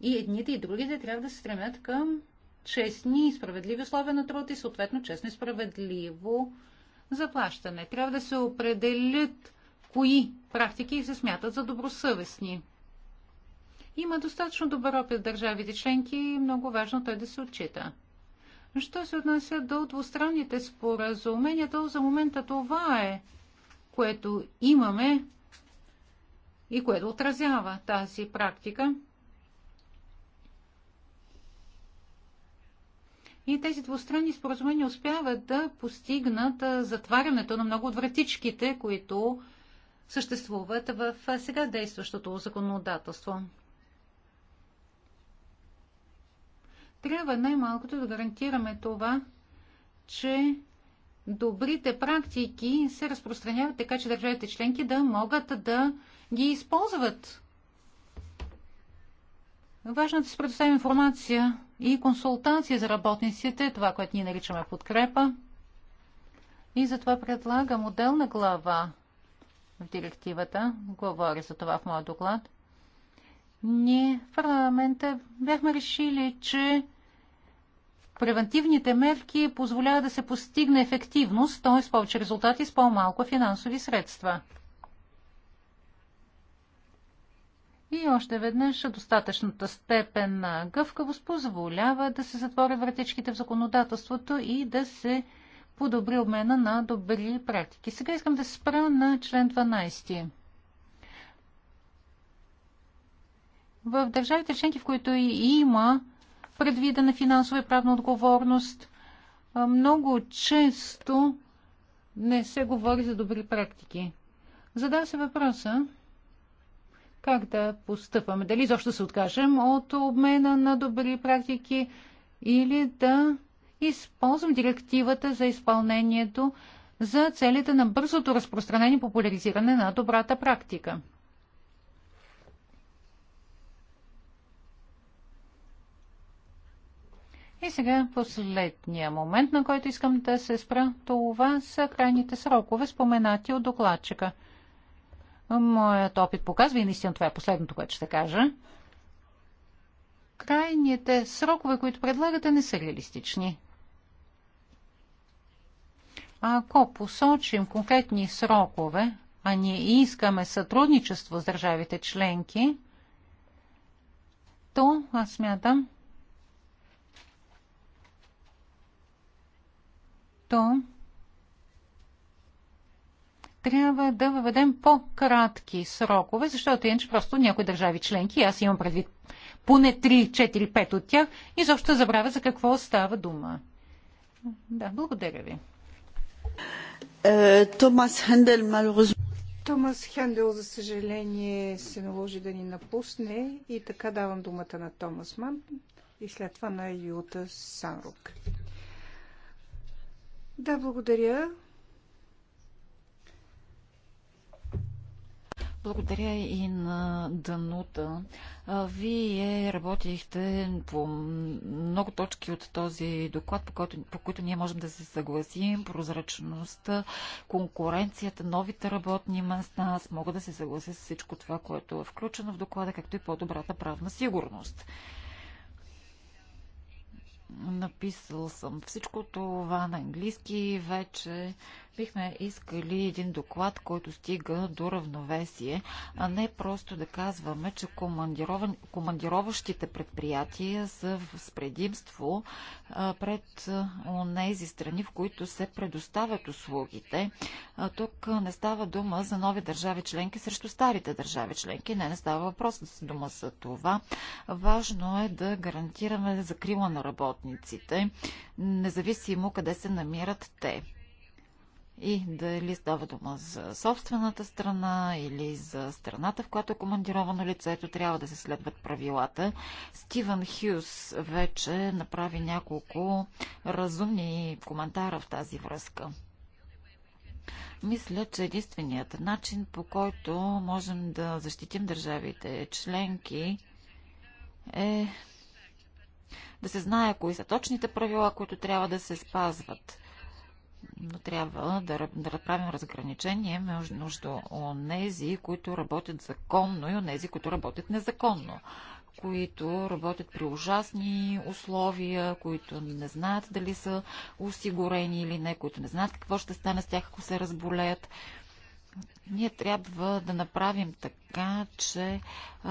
И едните и другите трябва да се стремят към честни и справедливи условия на труд и съответно честно и справедливо заплащане. Трябва да се определят кои практики се смятат за добросъвестни. Има достатъчно добър опит в държавите членки и много важно той да се отчита. Що се отнася до двустранните споразумения, то за момента това е, което имаме и което отразява тази практика. И тези двустранни споразумения успяват да постигнат затварянето на много от вратичките, които съществуват в сега действащото законодателство. Трябва най-малкото да гарантираме това, че добрите практики се разпространяват така, че държавите членки да могат да ги използват. Важно е да се предоставя информация и консултации за работниците, това, което ние наричаме подкрепа. И затова предлагам отделна глава в директивата, говоря за това в моя доклад. Ние в парламента бяхме решили, че превентивните мерки позволяват да се постигне ефективност, т.е. повече резултати с по-малко финансови средства. И още веднъж достатъчната степен на гъвкавост позволява да се затворят вратичките в законодателството и да се подобри обмена на добри практики. Сега искам да се спра на член 12. В държавите членки, в които и има предвидена финансова и правна отговорност, много често не се говори за добри практики. Задава се въпроса как да постъпваме. Дали защо се откажем от обмена на добри практики или да използвам директивата за изпълнението за целите на бързото разпространение и популяризиране на добрата практика. И сега последния момент, на който искам да се спра, това са крайните срокове, споменати от докладчика – Моят опит показва и наистина това е последното, което ще кажа. Крайните срокове, които предлагате, не са реалистични. Ако посочим конкретни срокове, а ние искаме сътрудничество с държавите членки, то аз смятам, то трябва да въведем по-кратки срокове, защото иначе просто някои държави членки, аз имам предвид поне 3, 4, 5 от тях, Изобщо забравя за какво става дума. Да, благодаря ви. Е, Томас Хендел, малоръзно. Томас Хендел, за съжаление, се наложи да ни напусне и така давам думата на Томас Ман и след това на Юта Санрук. Да, благодаря. Благодаря и на Данута. Вие работихте по много точки от този доклад, по които, по които ние можем да се съгласим. Прозрачността, конкуренцията, новите работни места. Аз мога да се съглася с всичко това, което е включено в доклада, както и по-добрата правна сигурност. Написал съм всичко това на английски вече бихме искали един доклад, който стига до равновесие, а не просто да казваме, че командироващите предприятия са с предимство а, пред тези страни, в които се предоставят услугите. А, тук не става дума за нови държави членки срещу старите държави членки. Не, не става въпрос да се дума за това. Важно е да гарантираме закрила на работниците, независимо къде се намират те и дали става дума за собствената страна или за страната, в която е командировано лицето, трябва да се следват правилата. Стивън Хюс вече направи няколко разумни коментара в тази връзка. Мисля, че единственият начин, по който можем да защитим държавите членки, е да се знае кои са точните правила, които трябва да се спазват но трябва да, да правим разграничение между онези, които работят законно и онези, които работят незаконно които работят при ужасни условия, които не знаят дали са осигурени или не, които не знаят какво ще стане с тях, ако се разболеят. Ние трябва да направим така, че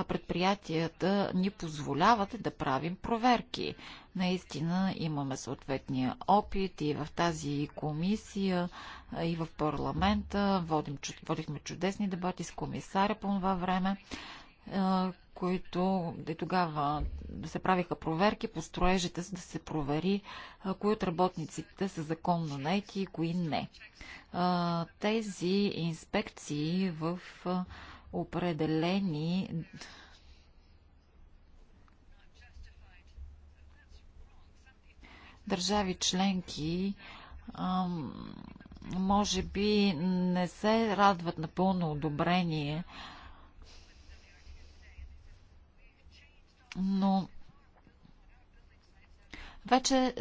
предприятията ни позволяват да правим проверки. Наистина имаме съответния опит и в тази комисия, и в парламента. Водим, водихме чудесни дебати с комисаря по това време които и тогава се правиха проверки по строежите, за да се провери кои от работниците са законно наети и кои не. Тези инспекции в определени държави членки може би не се радват на пълно одобрение но вече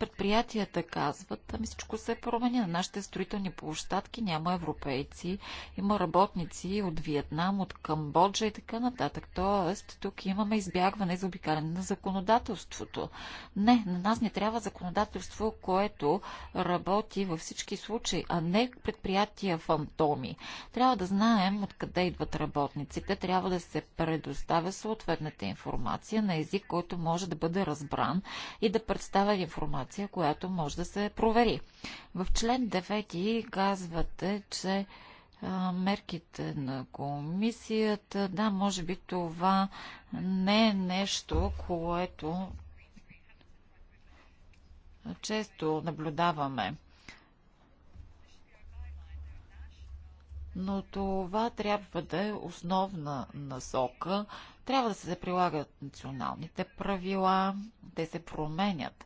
Предприятията казват, ами всичко се е промени. На нашите строителни площадки няма европейци, има работници от Виетнам, от Камбоджа и така нататък. Тоест, тук имаме избягване за обикаляне на законодателството. Не, на нас не трябва законодателство, което работи във всички случаи, а не предприятия фантоми. Трябва да знаем откъде идват работниците, трябва да се предоставя съответната информация на език, който може да бъде разбран и да представя информация информация, която може да се провери. В член 9 казвате, че мерките на комисията. Да, може би това не е нещо, което често наблюдаваме. Но това трябва да е основна насока. Трябва да се прилагат националните правила, те се променят.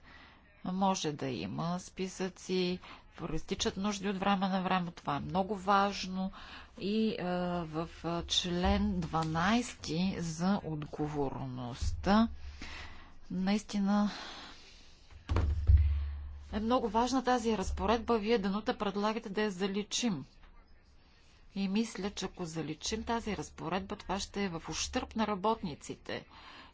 Може да има списъци, проистичат нужди от време на време. Това е много важно. И а, в член 12 за отговорността наистина е много важна тази разпоредба. Вие, Данута, предлагате да я заличим. И мисля, че ако заличим тази разпоредба, това ще е в ущърп на работниците.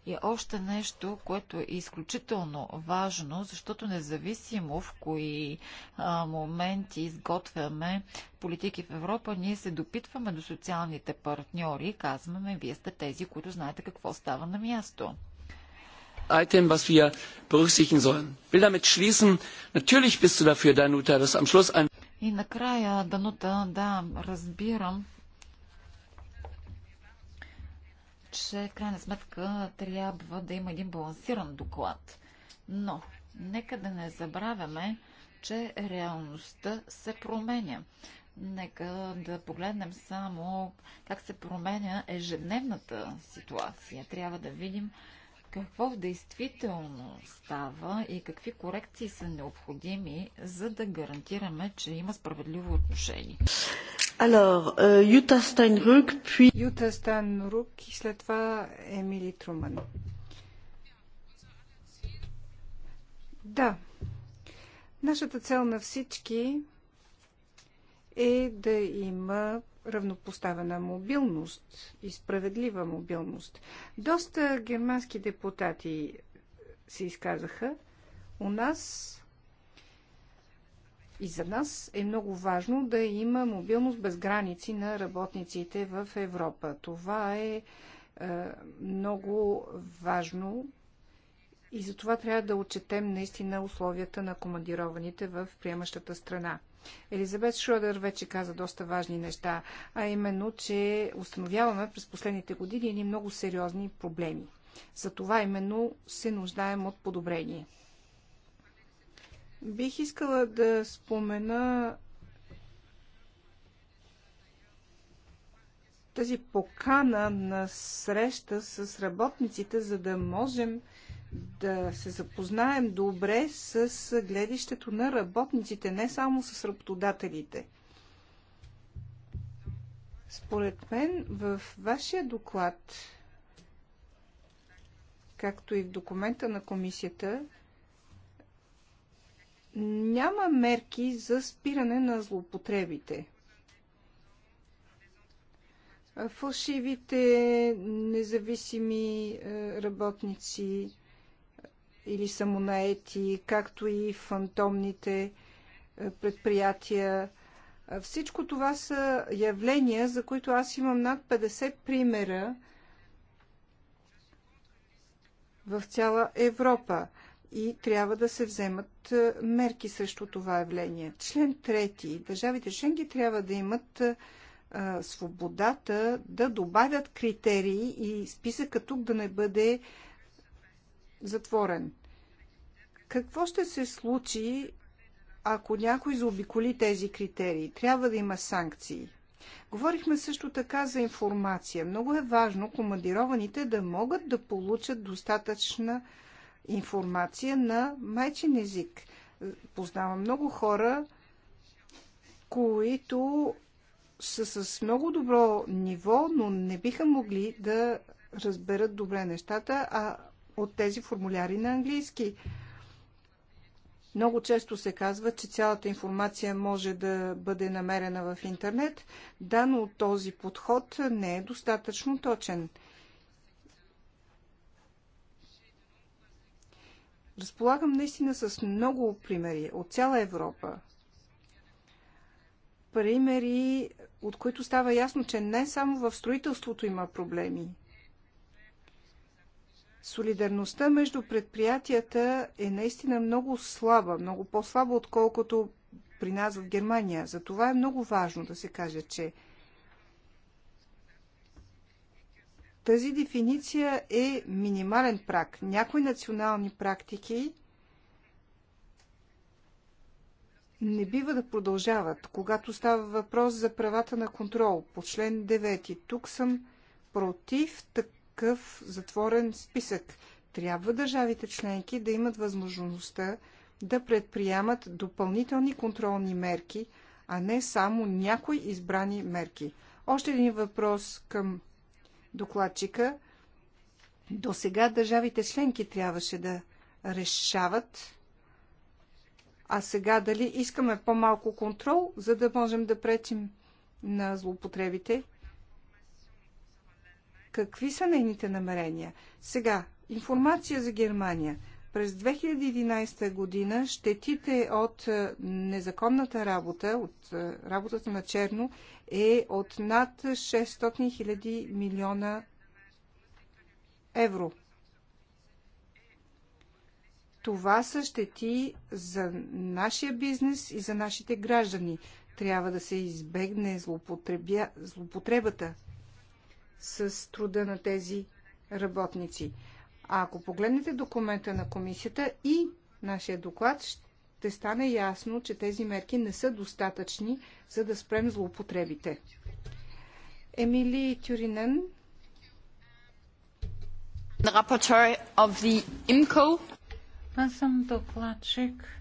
И още нещо, което е изключително важно, защото независимо в кои а, моменти изготвяме политики в Европа, ние се допитваме до социалните партньори и казваме, вие сте тези, които знаете какво става на място. Item, was wir berücksichtigen sollen. Will damit schließen. Natürlich bist du dafür, Danuta, dass am Schluss ein... И накрая, Данута, да, разбирам, че в крайна сметка трябва да има един балансиран доклад. Но нека да не забравяме, че реалността се променя. Нека да погледнем само как се променя ежедневната ситуация. Трябва да видим какво в действително става и какви корекции са необходими, за да гарантираме, че има справедливо отношение. Юта Стайнрук, Юта Стайнрук и след това Емили Труман. Да. Нашата цел на всички е да има равнопоставена мобилност и справедлива мобилност. Доста германски депутати се изказаха. У нас и за нас е много важно да има мобилност без граници на работниците в Европа. Това е, е много важно и за това трябва да отчетем наистина условията на командированите в приемащата страна. Елизабет Шродер вече каза доста важни неща, а именно, че установяваме през последните години едни много сериозни проблеми. За това именно се нуждаем от подобрение. Бих искала да спомена тази покана на среща с работниците, за да можем да се запознаем добре с гледището на работниците, не само с работодателите. Според мен в вашия доклад, както и в документа на комисията, няма мерки за спиране на злоупотребите. Фалшивите независими е, работници, или самонаети, както и фантомните е, предприятия. Е, всичко това са явления, за които аз имам над 50 примера в цяла Европа и трябва да се вземат е, мерки срещу това явление. Член 3. Държавите Шенги трябва да имат свободата да добавят критерии и списъка тук да не бъде затворен. Какво ще се случи, ако някой заобиколи тези критерии? Трябва да има санкции. Говорихме също така за информация. Много е важно командированите да могат да получат достатъчна информация на майчин език. Познавам много хора, които са с много добро ниво, но не биха могли да разберат добре нещата, а от тези формуляри на английски. Много често се казва, че цялата информация може да бъде намерена в интернет. Да, но този подход не е достатъчно точен. Разполагам наистина с много примери от цяла Европа. Примери, от които става ясно, че не само в строителството има проблеми – солидарността между предприятията е наистина много слаба, много по-слаба, отколкото при нас в Германия. Затова е много важно да се каже, че тази дефиниция е минимален прак. Някои национални практики не бива да продължават, когато става въпрос за правата на контрол по член 9. Тук съм против такъв такъв затворен списък. Трябва държавите членки да имат възможността да предприемат допълнителни контролни мерки, а не само някои избрани мерки. Още един въпрос към докладчика. До сега държавите членки трябваше да решават, а сега дали искаме по-малко контрол, за да можем да пречим на злоупотребите Какви са нейните намерения? Сега, информация за Германия. През 2011 година щетите от е, незаконната работа, от е, работата на черно, е от над 600 000 милиона евро. Това са щети за нашия бизнес и за нашите граждани. Трябва да се избегне злоупотребя... злоупотребата с труда на тези работници. А ако погледнете документа на комисията и нашия доклад, ще стане ясно, че тези мерки не са достатъчни, за да спрем злоупотребите. Емили Тюринен. Аз съм докладчик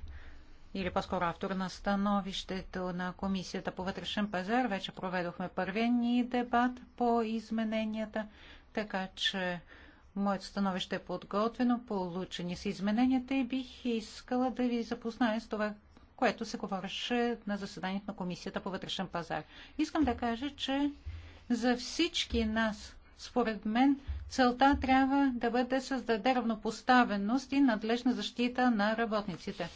или по-скоро автор на становището на Комисията по вътрешен пазар. Вече проведохме първия ни дебат по измененията, така че моето становище е подготвено, получени са измененията и бих искала да ви запозная с това, което се говореше на заседанието на Комисията по вътрешен пазар. Искам да кажа, че за всички нас, според мен, целта трябва да бъде създаде равнопоставеност и надлежна защита на работниците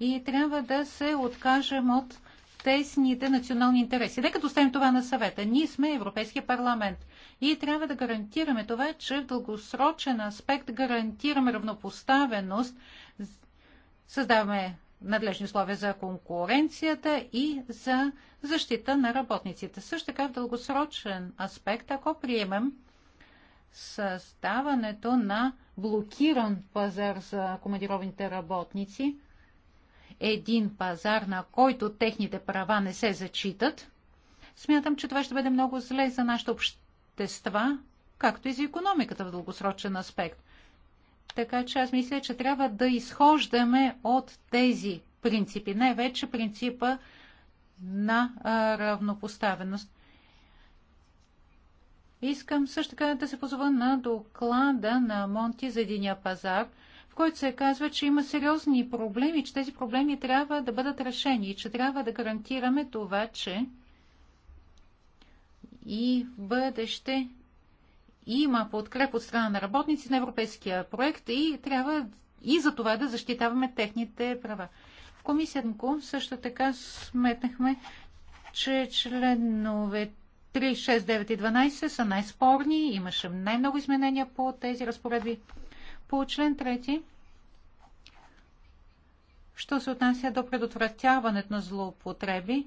и трябва да се откажем от тесните национални интереси. Нека да оставим това на съвета. Ние сме Европейския парламент и трябва да гарантираме това, че в дългосрочен аспект гарантираме равнопоставеност, създаваме надлежни условия за конкуренцията и за защита на работниците. Също така в дългосрочен аспект, ако приемем създаването на блокиран пазар за командированите работници, един пазар, на който техните права не се зачитат, смятам, че това ще бъде много зле за нашите общества, както и за економиката в дългосрочен аспект. Така че аз мисля, че трябва да изхождаме от тези принципи, най вече принципа на равнопоставеност. Искам също така да се позова на доклада на Монти за единия пазар – който се казва, че има сериозни проблеми, че тези проблеми трябва да бъдат решени и че трябва да гарантираме това, че и в бъдеще има подкреп от страна на работници на европейския проект и трябва и за това да защитаваме техните права. В комисията му също така сметнахме, че членове 3, 6, 9 и 12 са най-спорни. Имаше най-много изменения по тези разпоредби. По член 3, що се отнася до предотвратяването на злоупотреби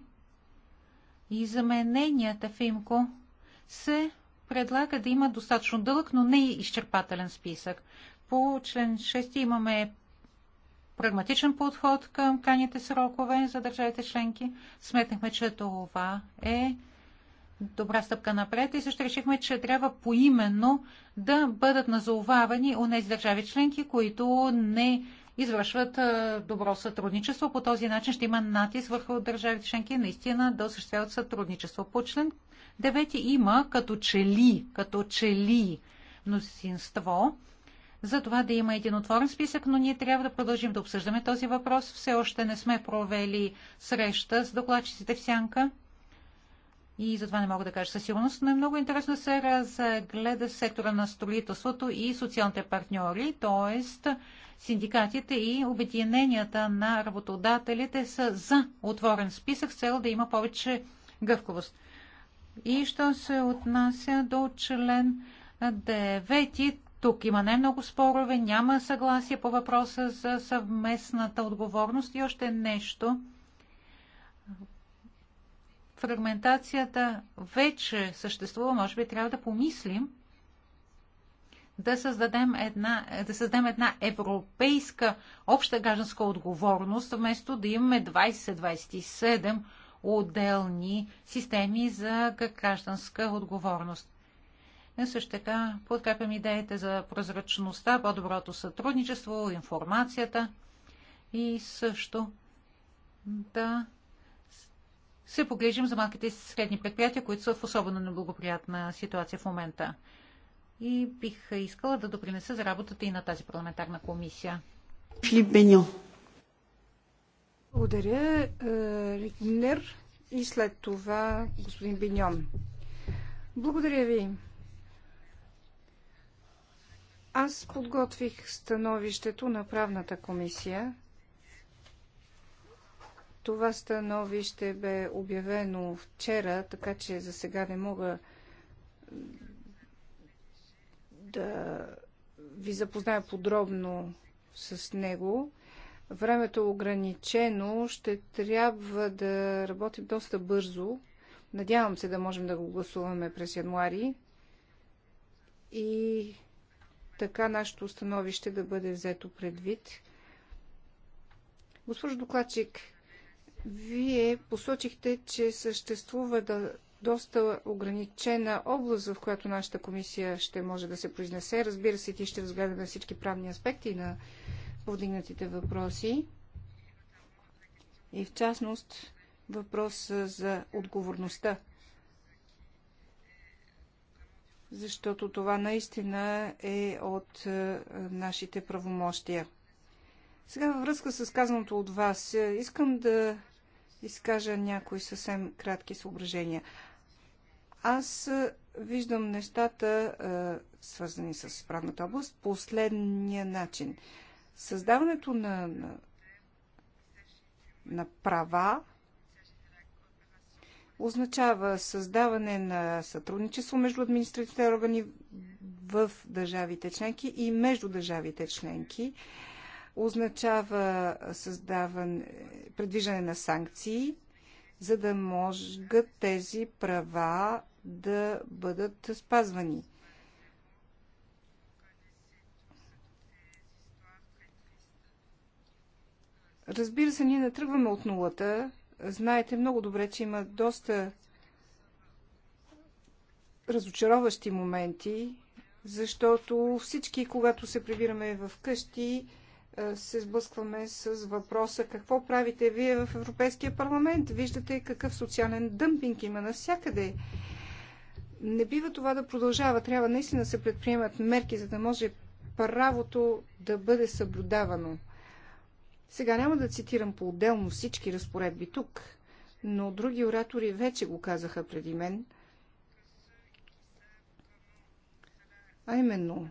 и замененията в имко, се предлага да има достатъчно дълъг, но не и изчерпателен списък. По член 6 имаме прагматичен подход към каните срокове за държавите членки. Сметнахме, че това е добра стъпка напред и също решихме, че трябва поименно да бъдат назовавани у тези държави членки, които не извършват добро сътрудничество. По този начин ще има натиск върху държавите членки наистина да осъществяват сътрудничество. По член 9 има като чели, като чели мнозинство за това да има един отворен списък, но ние трябва да продължим да обсъждаме този въпрос. Все още не сме провели среща с докладчиците в Сянка и затова не мога да кажа със сигурност, но е много интересно да се разгледа сектора на строителството и социалните партньори, т.е. синдикатите и обединенията на работодателите са за отворен списък с цел да има повече гъвковост. И що се отнася до член 9, тук има най-много спорове, няма съгласие по въпроса за съвместната отговорност и още нещо – фрагментацията вече съществува, може би трябва да помислим да създадем една, да създадем една европейска обща гражданска отговорност, вместо да имаме 20-27 отделни системи за гражданска отговорност. И също така подкрепям идеите за прозрачността, по-доброто сътрудничество, информацията и също да се погрежим за малките и средни предприятия, които са в особено неблагоприятна ситуация в момента. И бих искала да допринеса за работата и на тази парламентарна комисия. Филип Беньо. Благодаря, е, Ригнер. И след това господин Биньон. Благодаря ви. Аз подготвих становището на правната комисия – това становище бе обявено вчера, така че за сега не мога да ви запозная подробно с него. Времето е ограничено, ще трябва да работим доста бързо. Надявам се да можем да го гласуваме през януари и така нашето становище да бъде взето предвид. Госпожо докладчик, вие посочихте, че съществува да, доста ограничена област, в която нашата комисия ще може да се произнесе. Разбира се, ти ще разгледа на всички правни аспекти на повдигнатите въпроси. И в частност въпрос за отговорността. Защото това наистина е от е, нашите правомощия. Сега във връзка с казаното от вас, е, искам да изкажа някои съвсем кратки съображения. Аз виждам нещата, свързани с правната област, последния начин. Създаването на, на, на права означава създаване на сътрудничество между административните органи в държавите членки и между държавите членки означава създаване, предвиждане на санкции, за да могат тези права да бъдат спазвани. Разбира се, ние не тръгваме от нулата. Знаете много добре, че има доста разочароващи моменти, защото всички, когато се прибираме в къщи, е, се сблъскваме с въпроса какво правите вие в Европейския парламент. Виждате какъв социален дъмпинг има навсякъде. Не бива това да продължава. Трябва наистина да се предприемат мерки, за да може правото да бъде съблюдавано. Сега няма да цитирам по-отделно всички разпоредби тук, но други оратори вече го казаха преди мен. А именно,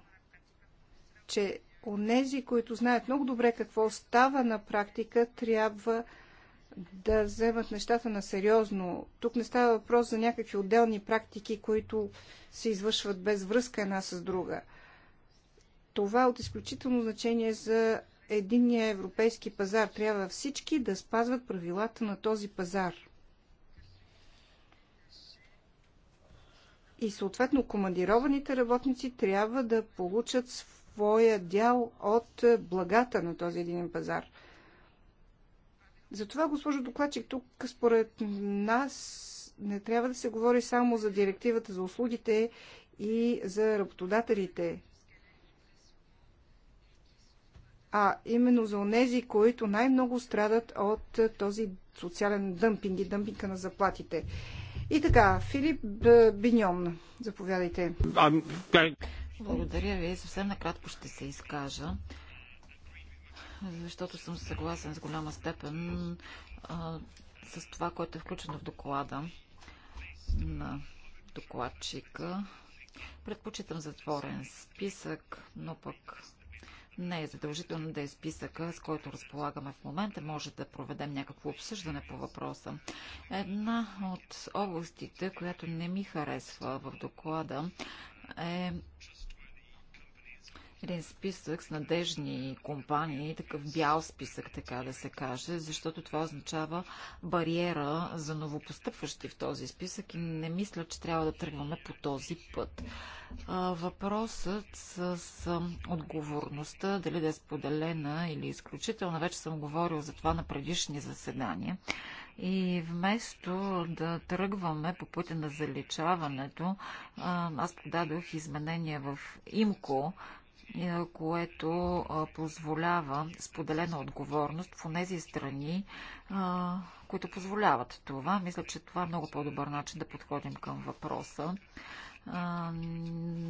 че онези, които знаят много добре какво става на практика, трябва да вземат нещата на сериозно. Тук не става въпрос за някакви отделни практики, които се извършват без връзка една с друга. Това е от изключително значение за единния европейски пазар. Трябва всички да спазват правилата на този пазар. И съответно командированите работници трябва да получат своя дял от благата на този един пазар. Затова, госпожо докладчик, тук според нас не трябва да се говори само за директивата за услугите и за работодателите, а именно за онези, които най-много страдат от този социален дъмпинг и дъмпинга на заплатите. И така, Филип Биньон, заповядайте. Благодаря ви. Съвсем накратко ще се изкажа, защото съм съгласен с голяма степен а, с това, което е включено в доклада на докладчика. Предпочитам затворен списък, но пък не е задължително да е списъка, с който разполагаме в момента. Може да проведем някакво обсъждане по въпроса. Една от областите, която не ми харесва в доклада, е един списък с надежни компании, такъв бял списък, така да се каже, защото това означава бариера за новопостъпващи в този списък и не мисля, че трябва да тръгваме по този път. Въпросът с отговорността, дали да е споделена или изключителна, вече съм говорил за това на предишни заседания. И вместо да тръгваме по пътя на заличаването, аз подадох изменения в ИМКО, е, което позволява споделена отговорност в тези страни, които позволяват това. Мисля, че това е много по-добър начин да подходим към въпроса.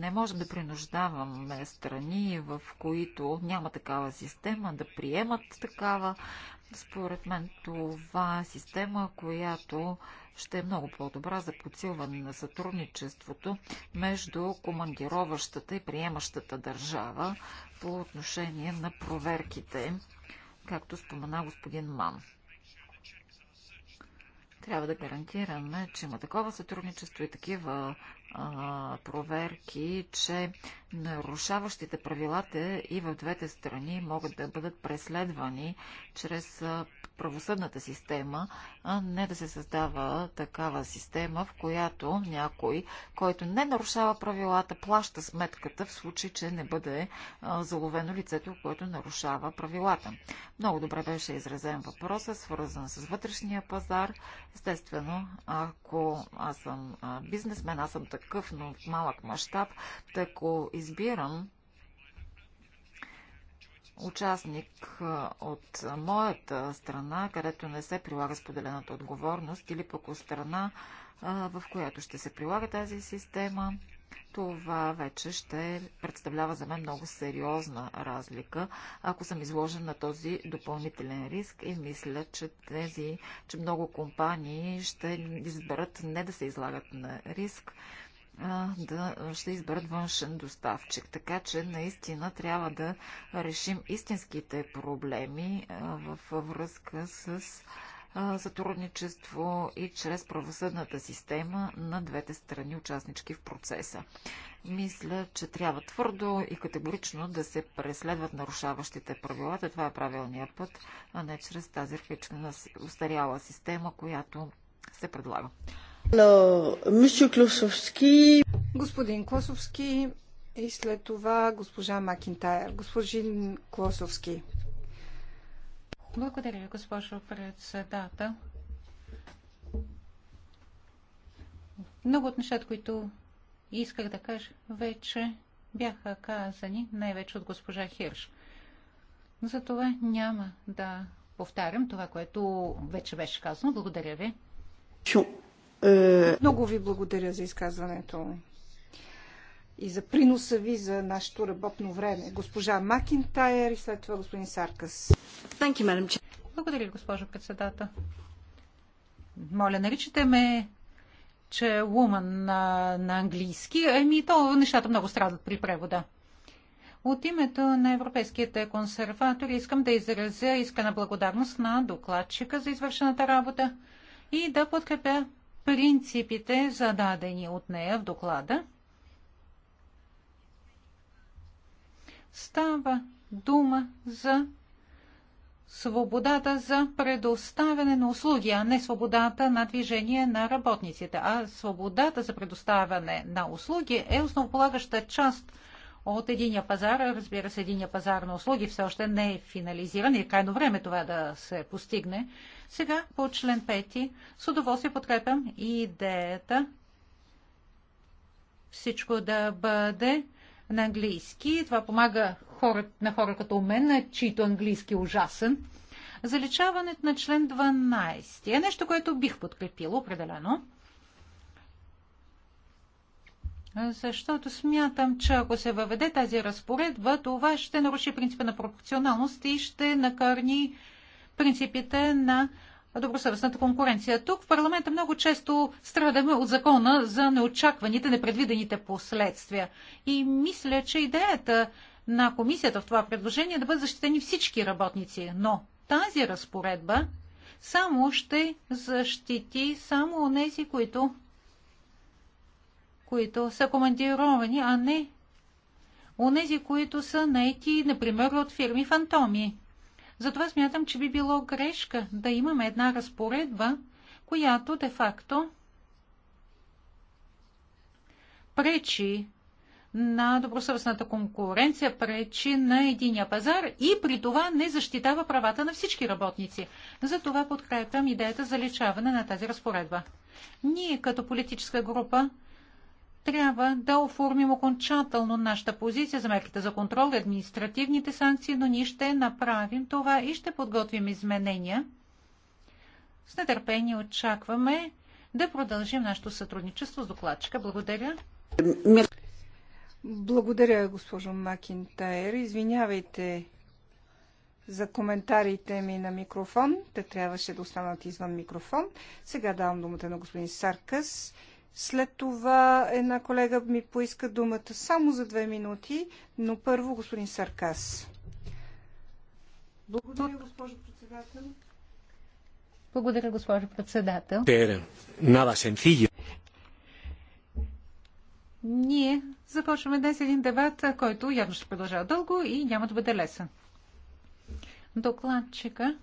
Не можем да принуждаваме страни, в които няма такава система, да приемат такава. Според мен това е система, която ще е много по-добра за подсилване на сътрудничеството между командироващата и приемащата държава по отношение на проверките, както спомена господин Ман. Трябва да гарантираме, че има такова сътрудничество и такива проверки, че нарушаващите правилата и в двете страни могат да бъдат преследвани чрез правосъдната система, а не да се създава такава система, в която някой, който не нарушава правилата, плаща сметката в случай, че не бъде заловено лицето, което нарушава правилата. Много добре беше изразен въпроса, свързан с вътрешния пазар. Естествено, ако аз съм бизнесмен, аз съм такъв, но в малък мащаб, като избирам участник от моята страна, където не се прилага споделената отговорност, или пък от страна, в която ще се прилага тази система, това вече ще представлява за мен много сериозна разлика, ако съм изложен на този допълнителен риск и мисля, че тези, че много компании ще изберат не да се излагат на риск, да ще изберат външен доставчик. Така че наистина трябва да решим истинските проблеми във връзка с сътрудничество и чрез правосъдната система на двете страни участнички в процеса. Мисля, че трябва твърдо и категорично да се преследват нарушаващите правилата. Това е правилният път, а не чрез тази архична устаряла система, която се предлага. Господин Клосовски и след това госпожа Макинтайр. Господин Клосовски. Благодаря, госпожо председател. Много от нещата, които исках да кажа, вече бяха казани, най-вече от госпожа Хирш. Затова няма да повтарям това, което вече беше казано. Благодаря ви. Чу. Е, много ви благодаря за изказването и за приноса ви за нашето работно време. Госпожа Макинтайер и след това господин Саркас. You, благодаря, госпожо председател. Моля, наричате ме че е Woman на, на английски. Еми, то нещата много страдат при превода. От името на европейските консерватори искам да изразя искана благодарност на докладчика за извършената работа и да подкрепя принципите, зададени от нея в доклада. Става дума за свободата за предоставяне на услуги, а не свободата на движение на работниците. А свободата за предоставяне на услуги е основополагаща част от единия пазар. Разбира се, единия пазар на услуги все още не е финализиран и е крайно време това да се постигне. Сега по член 5 с удоволствие подкрепям идеята всичко да бъде на английски. Това помага хора, на хора като мен, чието английски е ужасен. Заличаването на член 12 е нещо, което бих подкрепил определено. Защото смятам, че ако се въведе тази разпоредба, това ще наруши принципа на пропорционалност и ще накърни принципите на добросъвестната конкуренция. Тук в парламента много често страдаме от закона за неочакваните, непредвидените последствия. И мисля, че идеята на комисията в това предложение е да бъдат защитени всички работници. Но тази разпоредба само ще защити само онези, които, които са командировани, а не онези, които са наети, например, от фирми фантоми. Затова смятам, че би било грешка да имаме една разпоредба, която де-факто пречи на добросъвестната конкуренция, пречи на единия пазар и при това не защитава правата на всички работници. Затова подкрепям идеята за лечаване на тази разпоредба. Ние като политическа група трябва да оформим окончателно нашата позиция за мерките за контрол и административните санкции, но ние ще направим това и ще подготвим изменения. С нетърпение очакваме да продължим нашето сътрудничество с докладчика. Благодаря. Благодаря, госпожо Макинтайр. Извинявайте за коментарите ми на микрофон. Те трябваше да останат извън микрофон. Сега давам думата на господин Саркас. След това една колега ми поиска думата само за две минути, но първо господин Саркас. Благодаря, госпожо председател. Благодаря, госпожо председател. Нада сенсилlo. Ние започваме днес един дебат, който явно ще продължава дълго и няма да бъде лесен. Докладчика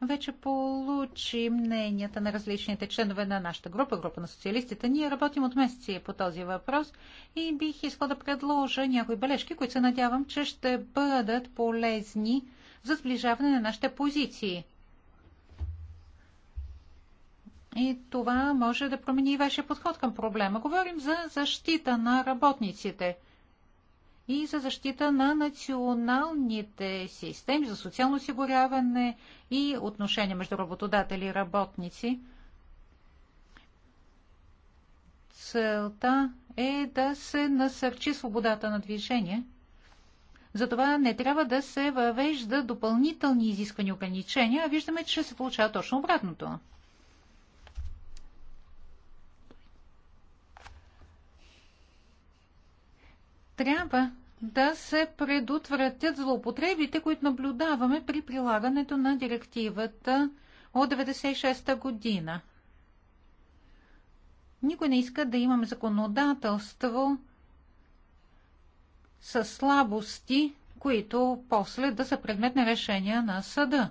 вече получи мненията на различните членове на нашата група, група на социалистите. Ние работим от месеци по този въпрос и бих искал да предложа някои бележки, които се надявам, че ще бъдат полезни за сближаване на нашите позиции. И това може да промени и вашия подход към проблема. Говорим за защита на работниците – и за защита на националните системи за социално осигуряване и отношения между работодатели и работници. Целта е да се насърчи свободата на движение. Затова не трябва да се въвежда допълнителни изисквани ограничения, а виждаме, че се получава точно обратното. трябва да се предотвратят злоупотребите, които наблюдаваме при прилагането на директивата от 1996 година. Никой не иска да имаме законодателство с слабости, които после да са предмет на решения на съда.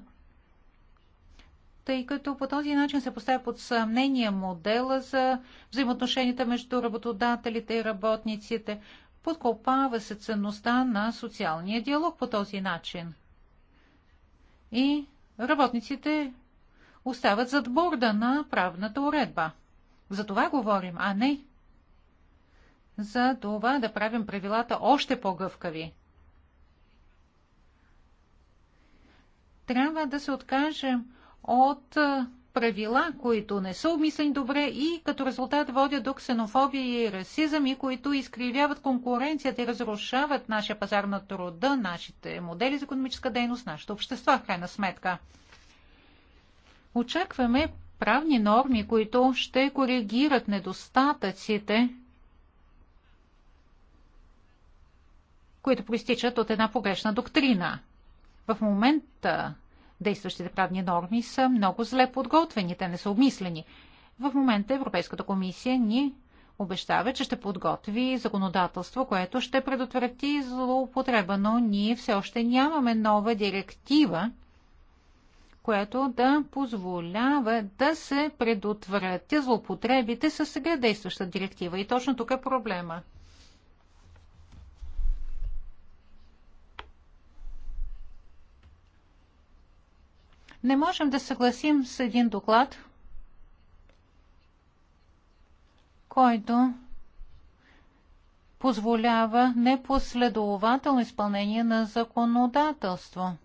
Тъй като по този начин се поставя под съмнение модела за взаимоотношенията между работодателите и работниците. Подкопава се ценността на социалния диалог по този начин. И работниците остават зад борда на правната уредба. За това говорим, а не за това да правим правилата още по-гъвкави. Трябва да се откажем от правила, които не са обмислени добре и като резултат водят до ксенофобия и расизъм и които изкривяват конкуренцията и разрушават нашия пазар на труда, нашите модели за економическа дейност, нашето общество, в крайна сметка. Очакваме правни норми, които ще коригират недостатъците, които проистичат от една погрешна доктрина. В момента действащите правни норми са много зле подготвени, те не са обмислени. В момента Европейската комисия ни обещава, че ще подготви законодателство, което ще предотврати злоупотреба, но ние все още нямаме нова директива, което да позволява да се предотвратят злоупотребите с сега действаща директива. И точно тук е проблема. Не можем да съгласим с един доклад, който позволява непоследователно изпълнение на законодателство.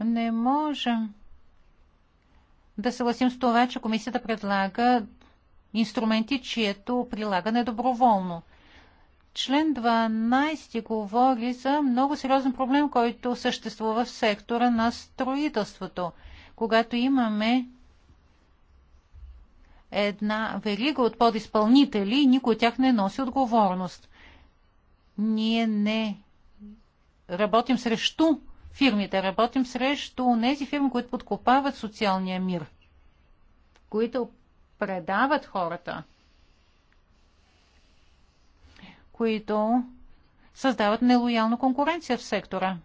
Не можем да съгласим с това, че комисията предлага инструменти, чието прилагане е доброволно. Член 12 говори за много сериозен проблем, който съществува в сектора на строителството. Когато имаме една верига от подизпълнители, никой от тях не носи отговорност. Ние не работим срещу фирмите, работим срещу тези фирми, които подкопават социалния мир, които предават хората – които създават нелоялна конкуренция в сектора.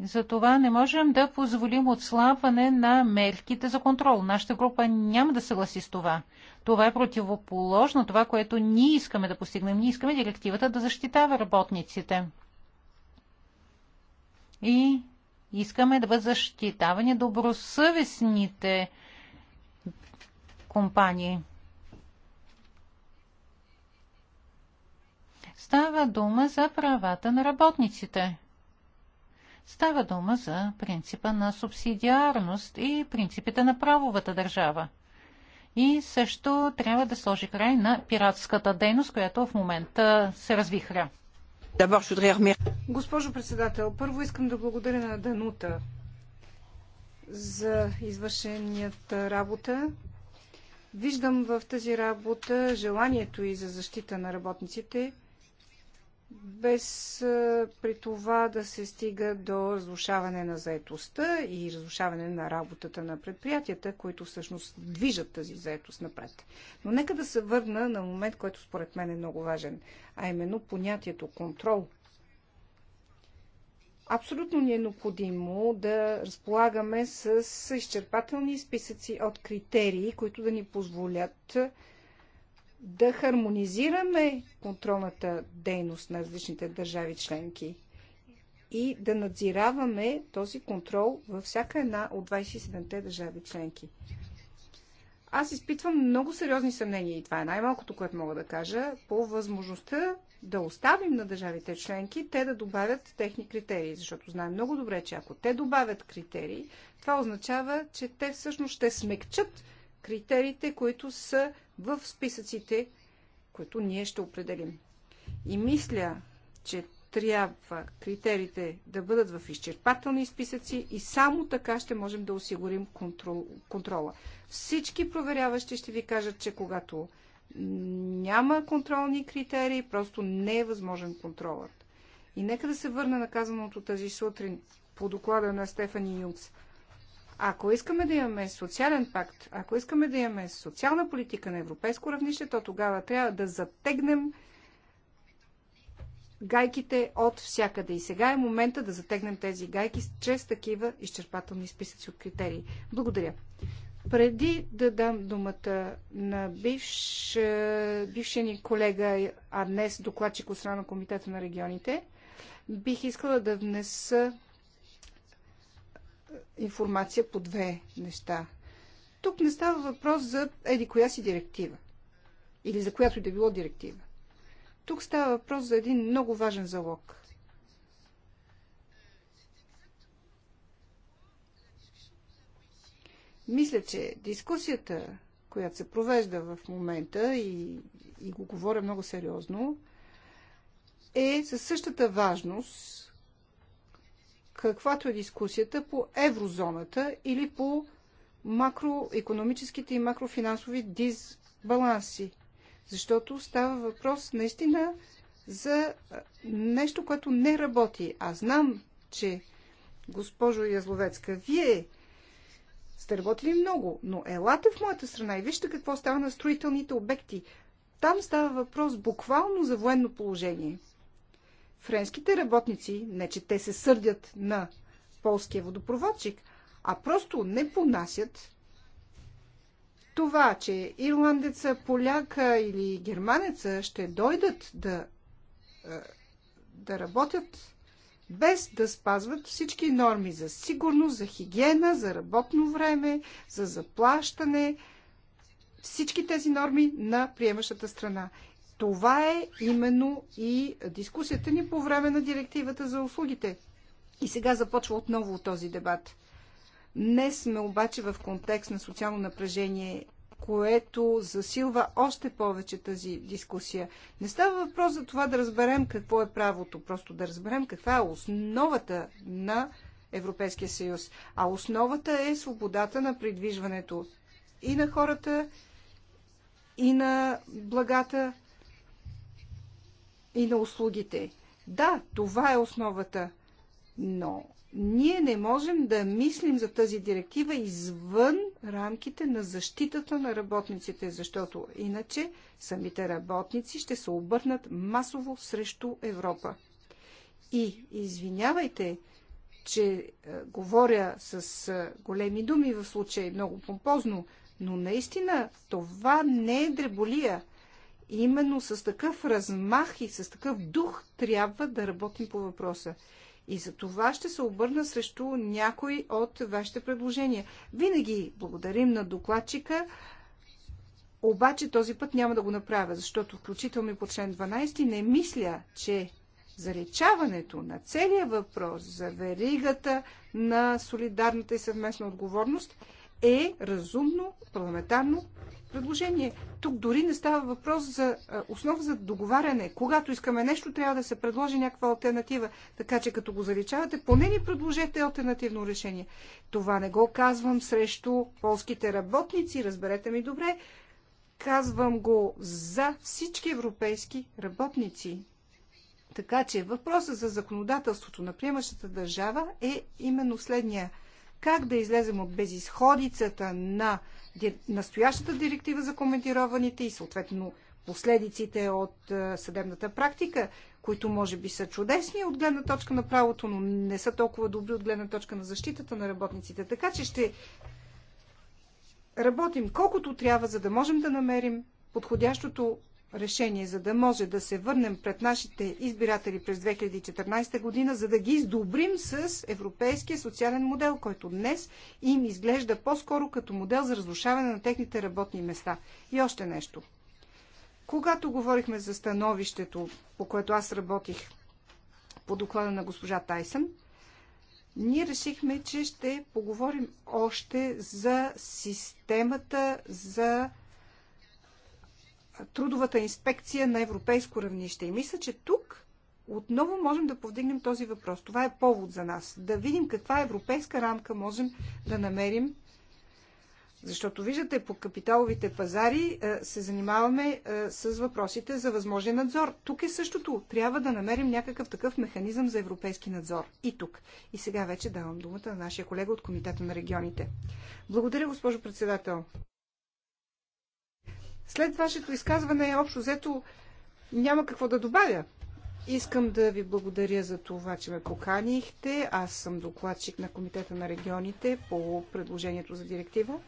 Затова не можем да позволим отслабване на мерките за контрол. Нашата група няма да съгласи с това. Това е противоположно това, което ние искаме да постигнем. Ние искаме директивата да защитава работниците. И искаме да бъдат защитавани добросъвестните компании. Става дума за правата на работниците. Става дума за принципа на субсидиарност и принципите на правовата държава. И също трябва да сложи край на пиратската дейност, която в момента се развихря. Госпожо председател, първо искам да благодаря на Данута за извършенията работа. Виждам в тази работа желанието и за защита на работниците – без при това да се стига до разрушаване на заетостта и разрушаване на работата на предприятията, които всъщност движат тази заетост напред. Но нека да се върна на момент, който според мен е много важен, а именно понятието контрол. Абсолютно ни е необходимо да разполагаме с изчерпателни списъци от критерии, които да ни позволят да хармонизираме контролната дейност на различните държави членки и да надзираваме този контрол във всяка една от 27-те държави членки. Аз изпитвам много сериозни съмнения, и това е най-малкото, което мога да кажа, по възможността да оставим на държавите членки те да добавят техни критерии, защото знаем много добре, че ако те добавят критерии, това означава, че те всъщност ще смекчат критериите, които са в списъците, които ние ще определим. И мисля, че трябва критериите да бъдат в изчерпателни списъци и само така ще можем да осигурим контрол, контрола. Всички проверяващи ще ви кажат, че когато няма контролни критерии, просто не е възможен контролът. И нека да се върна на казаното тази сутрин по доклада на Стефани Юнкс. Ако искаме да имаме социален пакт, ако искаме да имаме социална политика на европейско равнище, то тогава трябва да затегнем гайките от всякъде. И сега е момента да затегнем тези гайки чрез такива изчерпателни списъци от критерии. Благодаря. Преди да дам думата на бивш, е, бившия ни колега, а днес докладчик от страна на Комитета на регионите, бих искала да внеса информация по две неща. Тук не става въпрос за еди коя си директива или за която и да било директива. Тук става въпрос за един много важен залог. Мисля, че дискусията, която се провежда в момента и, и го говоря много сериозно, е със същата важност, каквато е дискусията по еврозоната или по макроекономическите и макрофинансови дисбаланси. Защото става въпрос наистина за нещо, което не работи. А знам, че, госпожо Язловецка, вие сте работили много, но елате в моята страна и вижте какво става на строителните обекти. Там става въпрос буквално за военно положение френските работници, не че те се сърдят на полския водопроводчик, а просто не понасят това, че ирландеца, поляка или германеца ще дойдат да, е, да работят без да спазват всички норми за сигурност, за хигиена, за работно време, за заплащане, всички тези норми на приемащата страна. Това е именно и дискусията ни по време на директивата за услугите. И сега започва отново този дебат. Днес сме обаче в контекст на социално напрежение, което засилва още повече тази дискусия. Не става въпрос за това да разберем какво е правото, просто да разберем каква е основата на Европейския съюз. А основата е свободата на придвижването и на хората, и на благата, и на услугите. Да, това е основата, но ние не можем да мислим за тази директива извън рамките на защитата на работниците, защото иначе самите работници ще се обърнат масово срещу Европа. И извинявайте, че е, говоря с е, големи думи в случай, много помпозно, но наистина това не е дреболия именно с такъв размах и с такъв дух трябва да работим по въпроса. И за това ще се обърна срещу някой от вашите предложения. Винаги благодарим на докладчика, обаче този път няма да го направя, защото включително и по член 12 не мисля, че заличаването на целия въпрос за веригата на солидарната и съвместна отговорност е разумно, парламентарно предложение. Тук дори не става въпрос за основа за договаряне. Когато искаме нещо, трябва да се предложи някаква альтернатива. Така че като го заличавате, поне ни предложете альтернативно решение. Това не го казвам срещу полските работници, разберете ми добре. Казвам го за всички европейски работници. Така че въпросът за законодателството на приемащата държава е именно следния – как да излезем от безисходицата на настоящата директива за коментированите и съответно последиците от е, съдебната практика, които може би са чудесни от гледна точка на правото, но не са толкова добри от гледна точка на защитата на работниците. Така че ще работим колкото трябва, за да можем да намерим подходящото решение, за да може да се върнем пред нашите избиратели през 2014 година, за да ги издобрим с европейския социален модел, който днес им изглежда по-скоро като модел за разрушаване на техните работни места. И още нещо. Когато говорихме за становището, по което аз работих по доклада на госпожа Тайсън, ние решихме, че ще поговорим още за системата за трудовата инспекция на европейско равнище. И мисля, че тук отново можем да повдигнем този въпрос. Това е повод за нас. Да видим каква европейска рамка можем да намерим. Защото виждате, по капиталовите пазари е, се занимаваме е, с въпросите за възможен надзор. Тук е същото. Трябва да намерим някакъв такъв механизъм за европейски надзор. И тук. И сега вече давам думата на нашия колега от Комитета на регионите. Благодаря, госпожо председател. След вашето изказване, общо взето, няма какво да добавя. Искам да ви благодаря за това, че ме поканихте. Аз съм докладчик на Комитета на регионите по предложението за директива.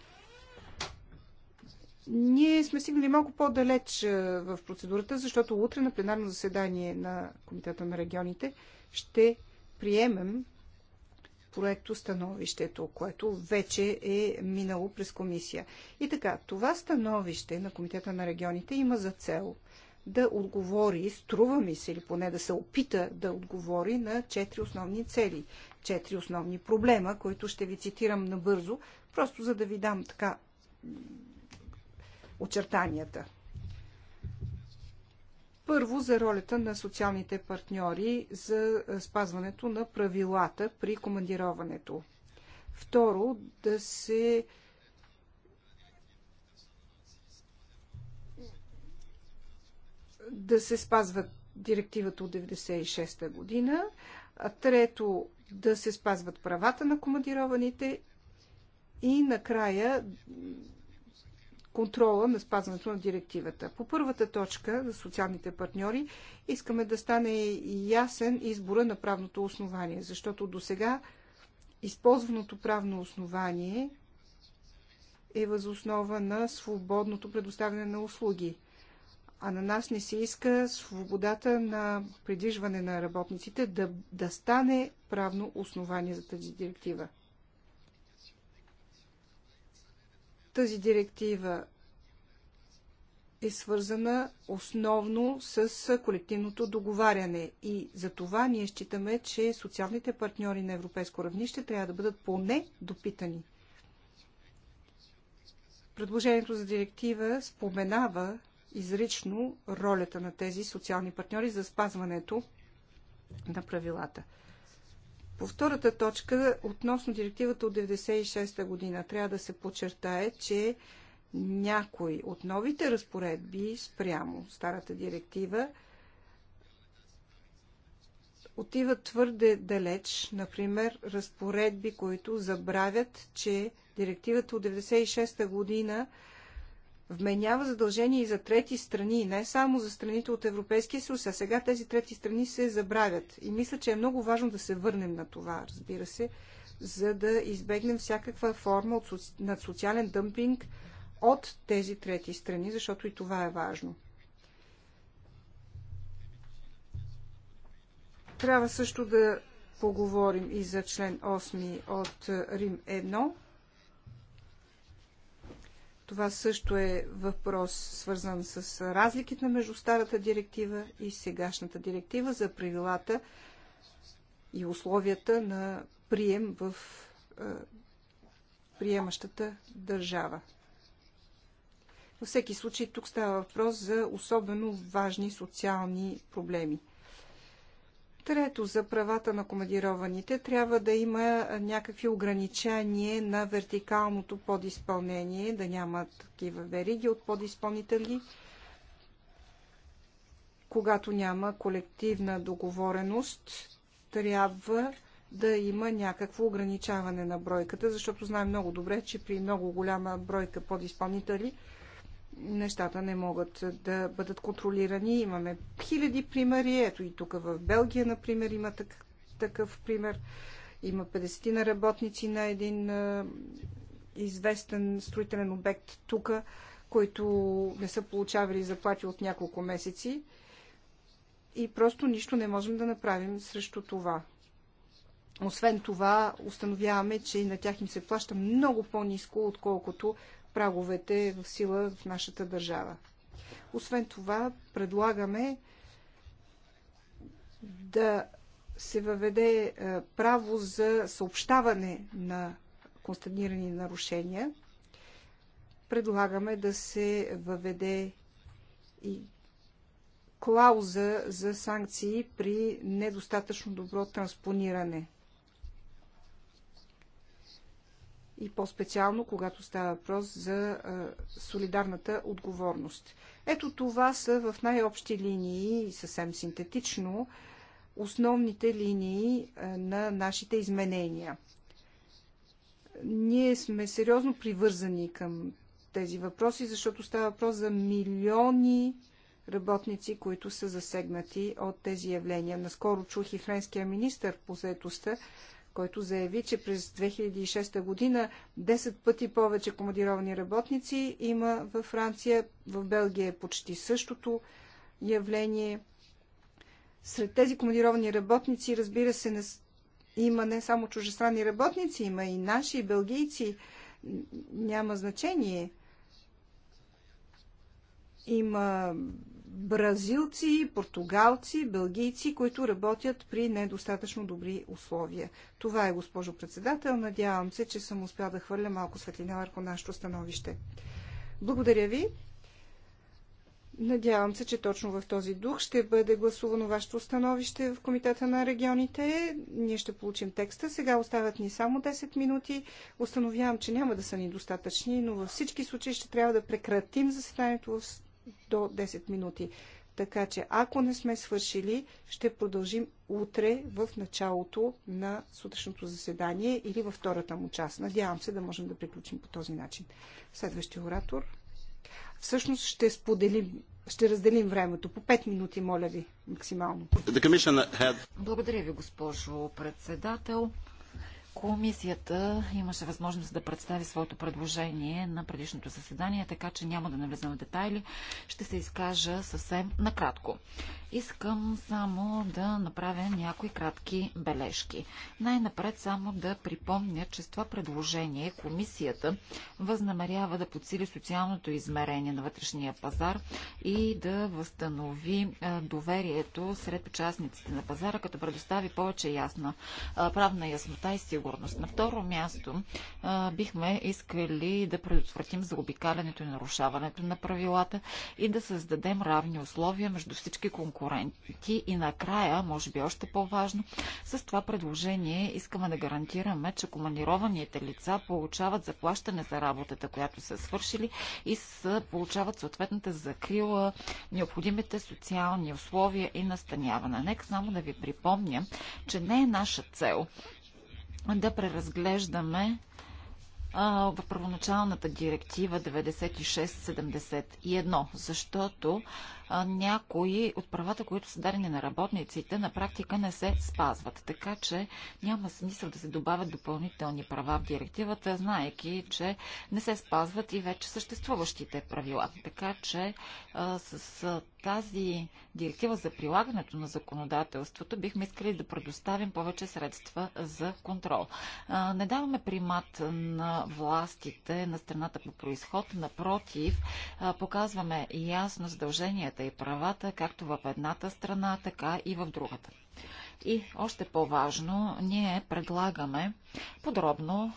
Ние сме стигнали малко по-далеч е, в процедурата, защото утре на пленарно заседание на Комитета на регионите ще приемем проекто становището, което вече е минало през комисия. И така, това становище на Комитета на регионите има за цел да отговори, струва ми се, или поне да се опита да отговори на четири основни цели, четири основни проблема, които ще ви цитирам набързо, просто за да ви дам така очертанията. Първо за ролята на социалните партньори за спазването на правилата при командироването. Второ, да се да се спазва директивата от 96-та година. А трето, да се спазват правата на командированите и накрая контрола на спазването на директивата. По първата точка за социалните партньори искаме да стане ясен избора на правното основание, защото до сега използваното правно основание е възоснова на свободното предоставяне на услуги. А на нас не се иска свободата на придвижване на работниците да, да стане правно основание за тази директива. Тази директива е свързана основно с колективното договаряне. И за това ние считаме, че социалните партньори на европейско равнище трябва да бъдат поне допитани. Предложението за директива споменава изрично ролята на тези социални партньори за спазването на правилата. По втората точка, относно директивата от 96-та година, трябва да се подчертае, че някои от новите разпоредби спрямо старата директива отиват твърде далеч, например разпоредби, които забравят, че директивата от 96-та година вменява задължения и за трети страни, не само за страните от Европейския съюз, а сега тези трети страни се забравят. И мисля, че е много важно да се върнем на това, разбира се, за да избегнем всякаква форма от, соци... на социален дъмпинг от тези трети страни, защото и това е важно. Трябва също да поговорим и за член 8 от Рим 1 това също е въпрос свързан с разликите между старата директива и сегашната директива за правилата и условията на прием в приемащата държава. Във всеки случай тук става въпрос за особено важни социални проблеми – Трето, за правата на командированите трябва да има някакви ограничения на вертикалното подизпълнение, да няма такива вериги от подизпълнители, когато няма колективна договореност, трябва да има някакво ограничаване на бройката, защото знаем много добре, че при много голяма бройка подизпълнители – нещата не могат да бъдат контролирани. Имаме хиляди примери. Ето и тук в Белгия, например, има так, такъв пример. Има 50 на работници на един а, известен строителен обект тук, които не са получавали заплати от няколко месеци. И просто нищо не можем да направим срещу това. Освен това, установяваме, че на тях им се плаща много по-низко, отколкото праговете в сила в нашата държава. Освен това, предлагаме да се въведе е, право за съобщаване на констатирани нарушения. Предлагаме да се въведе и клауза за санкции при недостатъчно добро транспониране. и по-специално, когато става въпрос за солидарната отговорност. Ето това са в най-общи линии, съвсем синтетично, основните линии на нашите изменения. Ние сме сериозно привързани към тези въпроси, защото става въпрос за милиони работници, които са засегнати от тези явления. Наскоро чух и френския министр по заетостта, който заяви, че през 2006 година 10 пъти повече командировани работници има във Франция, в Белгия е почти същото явление. Сред тези командировани работници, разбира се, не, има не само чужестранни работници, има и наши, и белгийци. Няма значение. Има бразилци, португалци, белгийци, които работят при недостатъчно добри условия. Това е, госпожо председател. Надявам се, че съм успял да хвърля малко светлина върху нашето становище. Благодаря ви. Надявам се, че точно в този дух ще бъде гласувано вашето становище в Комитета на регионите. Ние ще получим текста. Сега остават ни само 10 минути. Установявам, че няма да са ни достатъчни, но във всички случаи ще трябва да прекратим заседанието в до 10 минути. Така че, ако не сме свършили, ще продължим утре в началото на сутрешното заседание или във втората му част. Надявам се да можем да приключим по този начин. Следващия оратор. Всъщност ще споделим, ще разделим времето. По 5 минути, моля ви, максимално. Had... Благодаря ви, госпожо председател. Комисията имаше възможност да представи своето предложение на предишното заседание, така че няма да навлизам в детайли. Ще се изкажа съвсем накратко. Искам само да направя някои кратки бележки. Най-напред само да припомня, че с това предложение комисията възнамерява да подсили социалното измерение на вътрешния пазар и да възстанови доверието сред участниците на пазара, като предостави повече ясна правна яснота и сигурност сигурност. На второ място а, бихме искали да предотвратим заобикалянето и нарушаването на правилата и да създадем равни условия между всички конкуренти. И накрая, може би още по-важно, с това предложение искаме да гарантираме, че командированите лица получават заплащане за работата, която са свършили и са, получават съответната закрила, необходимите социални условия и настаняване. Нека само да ви припомня, че не е наша цел да преразглеждаме в първоначалната директива 96-71, защото някои от правата, които са дадени на работниците, на практика не се спазват. Така че няма смисъл да се добавят допълнителни права в директивата, знаеки, че не се спазват и вече съществуващите правила. Така че а, с а, тази директива за прилагането на законодателството бихме искали да предоставим повече средства за контрол. А, не даваме примат на властите на страната по происход, напротив, показваме ясно задължението свободата и правата, както в едната страна, така и в другата. И още по-важно, ние предлагаме подробно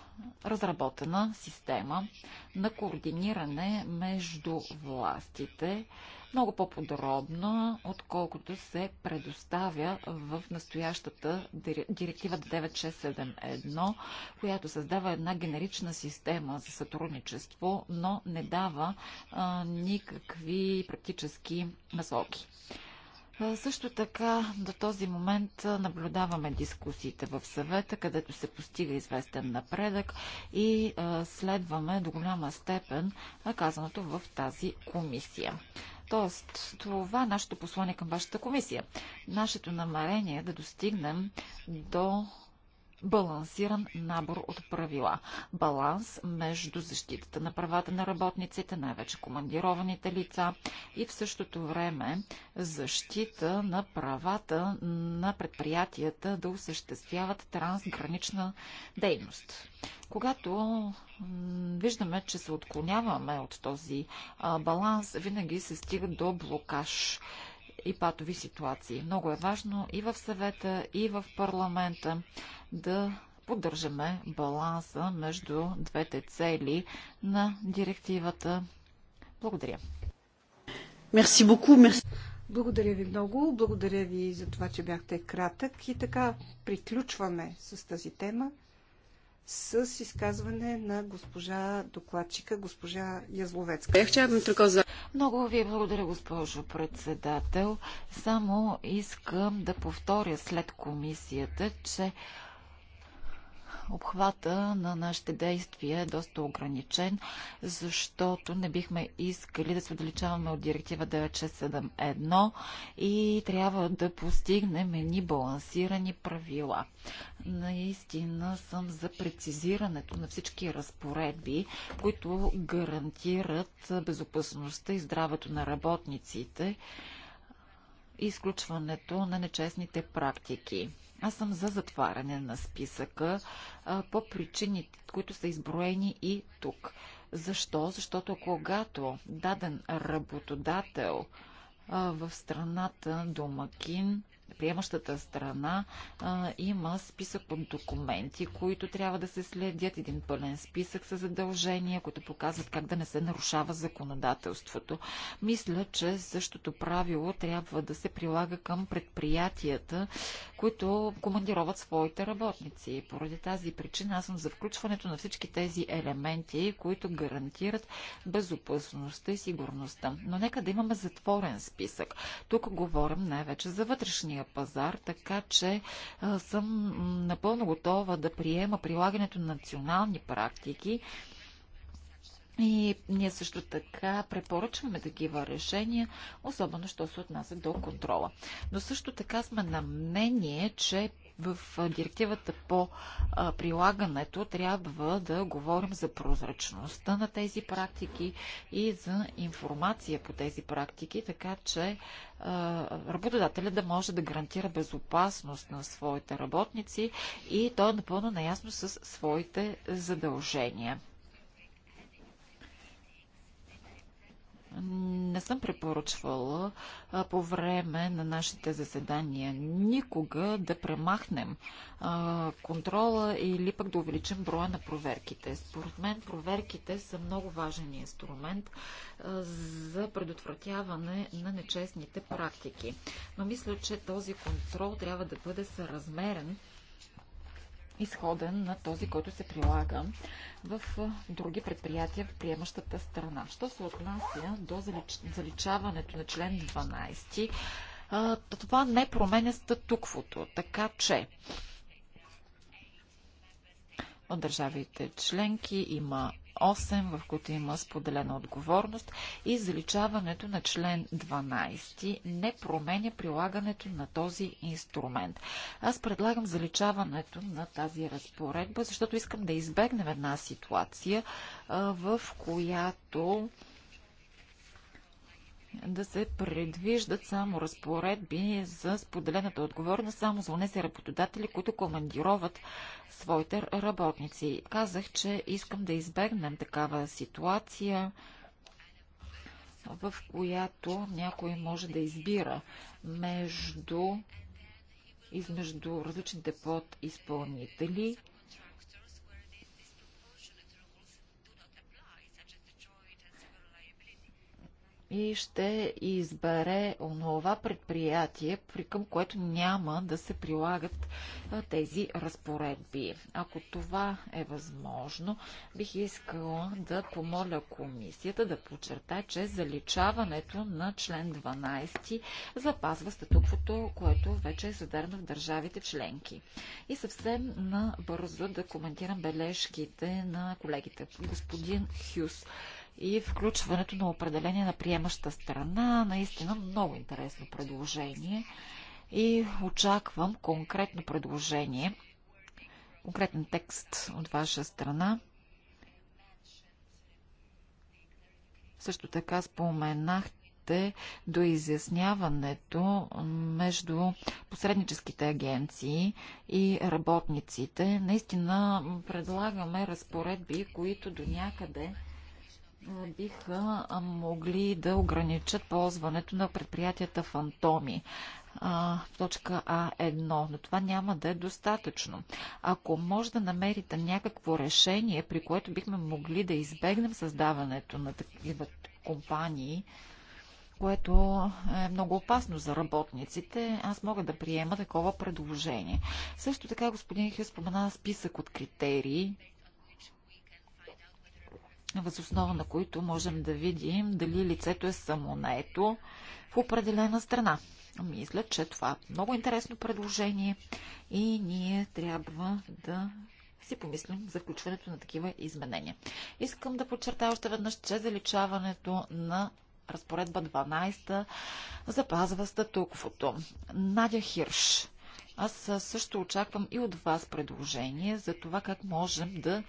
разработена система на координиране между властите, много по-подробна, отколкото се предоставя в настоящата директива 9671, която създава една генерична система за сътрудничество, но не дава а, никакви практически насоки. Също така до този момент наблюдаваме дискусиите в съвета, където се постига известен напредък и следваме до голяма степен казаното в тази комисия. Тоест, това е нашето послание към вашата комисия. Нашето намерение е да достигнем до балансиран набор от правила. Баланс между защитата на правата на работниците, най-вече командированите лица и в същото време защита на правата на предприятията да осъществяват трансгранична дейност. Когато виждаме, че се отклоняваме от този баланс, винаги се стига до блокаж и патови ситуации. Много е важно и в съвета, и в парламента да поддържаме баланса между двете цели на директивата. Благодаря. Мерси боку, мерси. Благодаря ви много. Благодаря ви за това, че бяхте кратък. И така приключваме с тази тема с изказване на госпожа докладчика, госпожа Язловецка. Много ви благодаря, госпожо председател. Само искам да повторя след комисията, че обхвата на нашите действия е доста ограничен, защото не бихме искали да се отдалечаваме от директива 9671 и трябва да постигнем едни балансирани правила. Наистина съм за прецизирането на всички разпоредби, които гарантират безопасността и здравето на работниците и изключването на нечестните практики. Аз съм за затваряне на списъка а, по причините, които са изброени и тук. Защо? Защото когато даден работодател а, в страната домакин приемащата страна а, има списък от документи, които трябва да се следят, един пълен списък с задължения, които показват как да не се нарушава законодателството. Мисля, че същото правило трябва да се прилага към предприятията, които командироват своите работници. И поради тази причина аз съм за включването на всички тези елементи, които гарантират безопасността и сигурността. Но нека да имаме затворен списък. Тук говорим най-вече за вътрешния вътрешния пазар, така че съм напълно готова да приема прилагането на национални практики и ние също така препоръчваме такива решения, особено що се отнася до контрола. Но също така сме на мнение, че в директивата по прилагането трябва да говорим за прозрачността на тези практики и за информация по тези практики, така че работодателя да може да гарантира безопасност на своите работници и той е напълно наясно с своите задължения. Не съм препоръчвала а, по време на нашите заседания никога да премахнем а, контрола или пък да увеличим броя на проверките. Според мен проверките са много важен инструмент а, за предотвратяване на нечестните практики. Но мисля, че този контрол трябва да бъде съразмерен изходен на този, който се прилага в други предприятия в приемащата страна. Що се отнася до залич... заличаването на член 12, това не променя статуквото, така че от държавите членки има 8, в които има споделена отговорност и заличаването на член 12 не променя прилагането на този инструмент. Аз предлагам заличаването на тази разпоредба, защото искам да избегнем една ситуация, в която да се предвиждат само разпоредби за споделената отговорност само за унеси работодатели, които командироват своите работници. Казах, че искам да избегнем такава ситуация, в която някой може да избира между измежду различните подизпълнители и ще избере онова предприятие, при към което няма да се прилагат тези разпоредби. Ако това е възможно, бих искала да помоля комисията да подчерта, че заличаването на член 12 запазва статуквото, което вече е съдарно в държавите членки. И съвсем набързо да коментирам бележките на колегите. Господин Хюс и включването на определение на приемаща страна. Наистина много интересно предложение и очаквам конкретно предложение, конкретен текст от ваша страна. Също така споменахте до изясняването между посредническите агенции и работниците. Наистина предлагаме разпоредби, които до някъде биха могли да ограничат ползването на предприятията фантоми в точка А1, но това няма да е достатъчно. Ако може да намерите някакво решение, при което бихме могли да избегнем създаването на такива компании, което е много опасно за работниците, аз мога да приема такова предложение. Също така господин Хю спомена списък от критерии, възоснова на които можем да видим дали лицето е самонаето в определена страна. Мисля, че това е много интересно предложение и ние трябва да си помислим за включването на такива изменения. Искам да подчертая още веднъж, че заличаването на разпоредба 12 запазва статуквото. Надя Хирш. Аз също очаквам и от вас предложение за това как можем да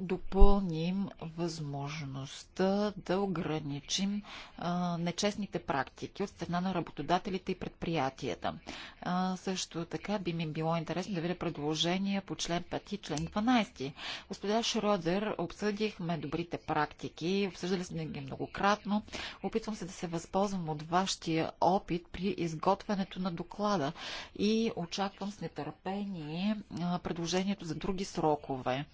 допълним възможността да ограничим а, нечестните практики от страна на работодателите и предприятията. А, също така би ми било интересно да видя предложения по член 5 и член 12. Господа Шродер, обсъдихме добрите практики, обсъждали сме ги многократно. Опитвам се да се възползвам от вашия опит при изготвянето на доклада и очаквам с нетърпение предложението за други срокове.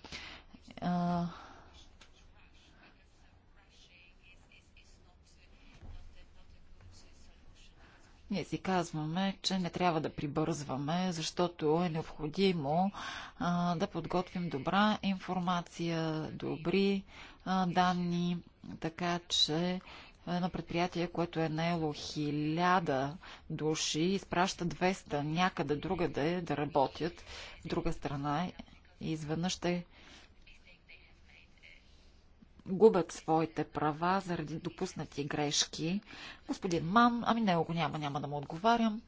Ние си казваме, че не трябва да прибързваме, защото е необходимо а, да подготвим добра информация, добри а, данни, така че на предприятие, което е наело хиляда души, изпраща 200 някъде другаде да работят в друга страна и изведнъж ще губят своите права заради допуснати грешки. Господин Ман, ами него го няма, няма да му отговарям.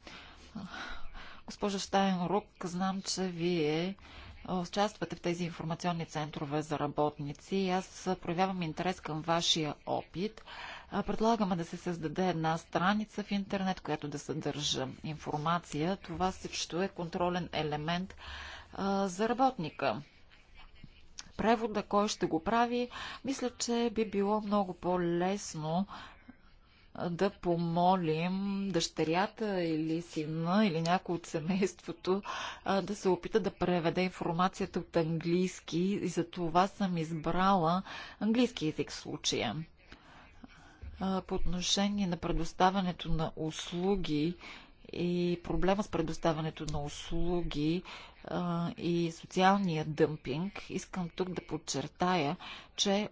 Госпожа Штайнрук, знам, че вие участвате в тези информационни центрове за работници и аз проявявам интерес към вашия опит. Предлагаме да се създаде една страница в интернет, която да съдържа информация. Това също е контролен елемент за работника превода, кой ще го прави. Мисля, че би било много по-лесно да помолим дъщерята или сина или някой от семейството да се опита да преведе информацията от английски и за това съм избрала английски език в случая. По отношение на предоставянето на услуги и проблема с предоставянето на услуги а, и социалния дъмпинг, искам тук да подчертая, че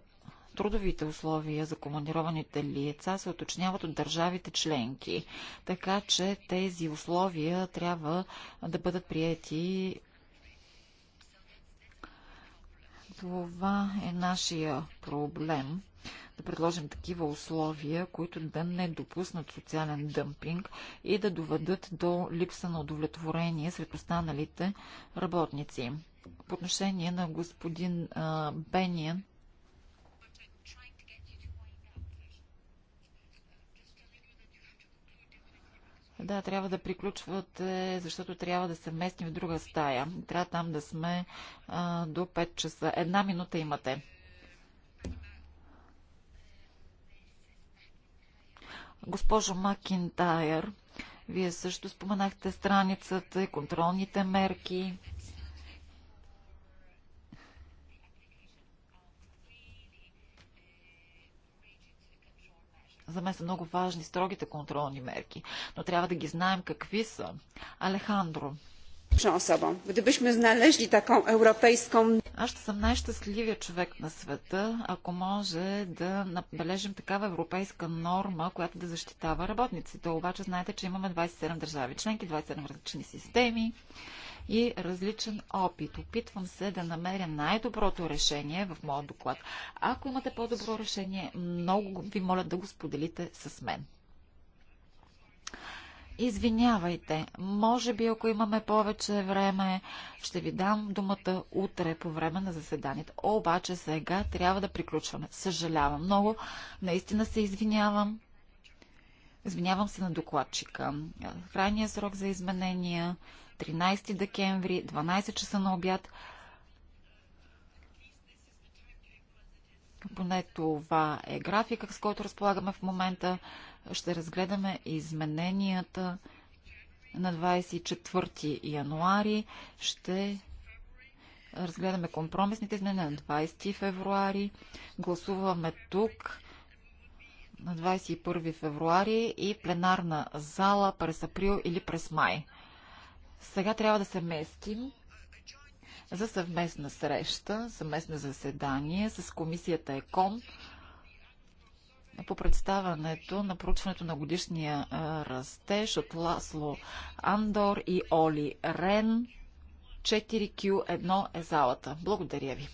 трудовите условия за командированите лица се оточняват от държавите членки. Така че тези условия трябва да бъдат приети. Това е нашия проблем да предложим такива условия, които да не допуснат социален дъмпинг и да доведат до липса на удовлетворение сред останалите работници. По отношение на господин Бениен, Да, трябва да приключвате, защото трябва да се местим в друга стая. Трябва там да сме а, до 5 часа. Една минута имате. Госпожо Макинтайр, вие също споменахте страницата и контролните мерки. За мен са много важни строгите контролни мерки, но трябва да ги знаем какви са. Алехандро osobą. Gdybyśmy znaleźli taką europejską... Аз ще съм най-щастливия човек на света, ако може да набележим такава европейска норма, която да защитава работниците. Обаче знаете, че имаме 27 държави членки, 27 различни системи и различен опит. Опитвам се да намеря най-доброто решение в моят доклад. Ако имате по-добро решение, много ви моля да го споделите с мен. Извинявайте, може би ако имаме повече време, ще ви дам думата утре по време на заседанието. Обаче сега трябва да приключваме. Съжалявам много, наистина се извинявам. Извинявам се на докладчика. Крайният срок за изменения 13 декември, 12 часа на обяд. Поне това е графика, с който разполагаме в момента ще разгледаме измененията на 24 януари. Ще разгледаме компромисните изменения на 20 февруари. Гласуваме тук на 21 февруари и пленарна зала през април или през май. Сега трябва да се местим за съвместна среща, съвместно заседание с комисията ЕКОН по представането на проучването на годишния растеж от Ласло Андор и Оли Рен. 4Q1 е залата. Благодаря ви.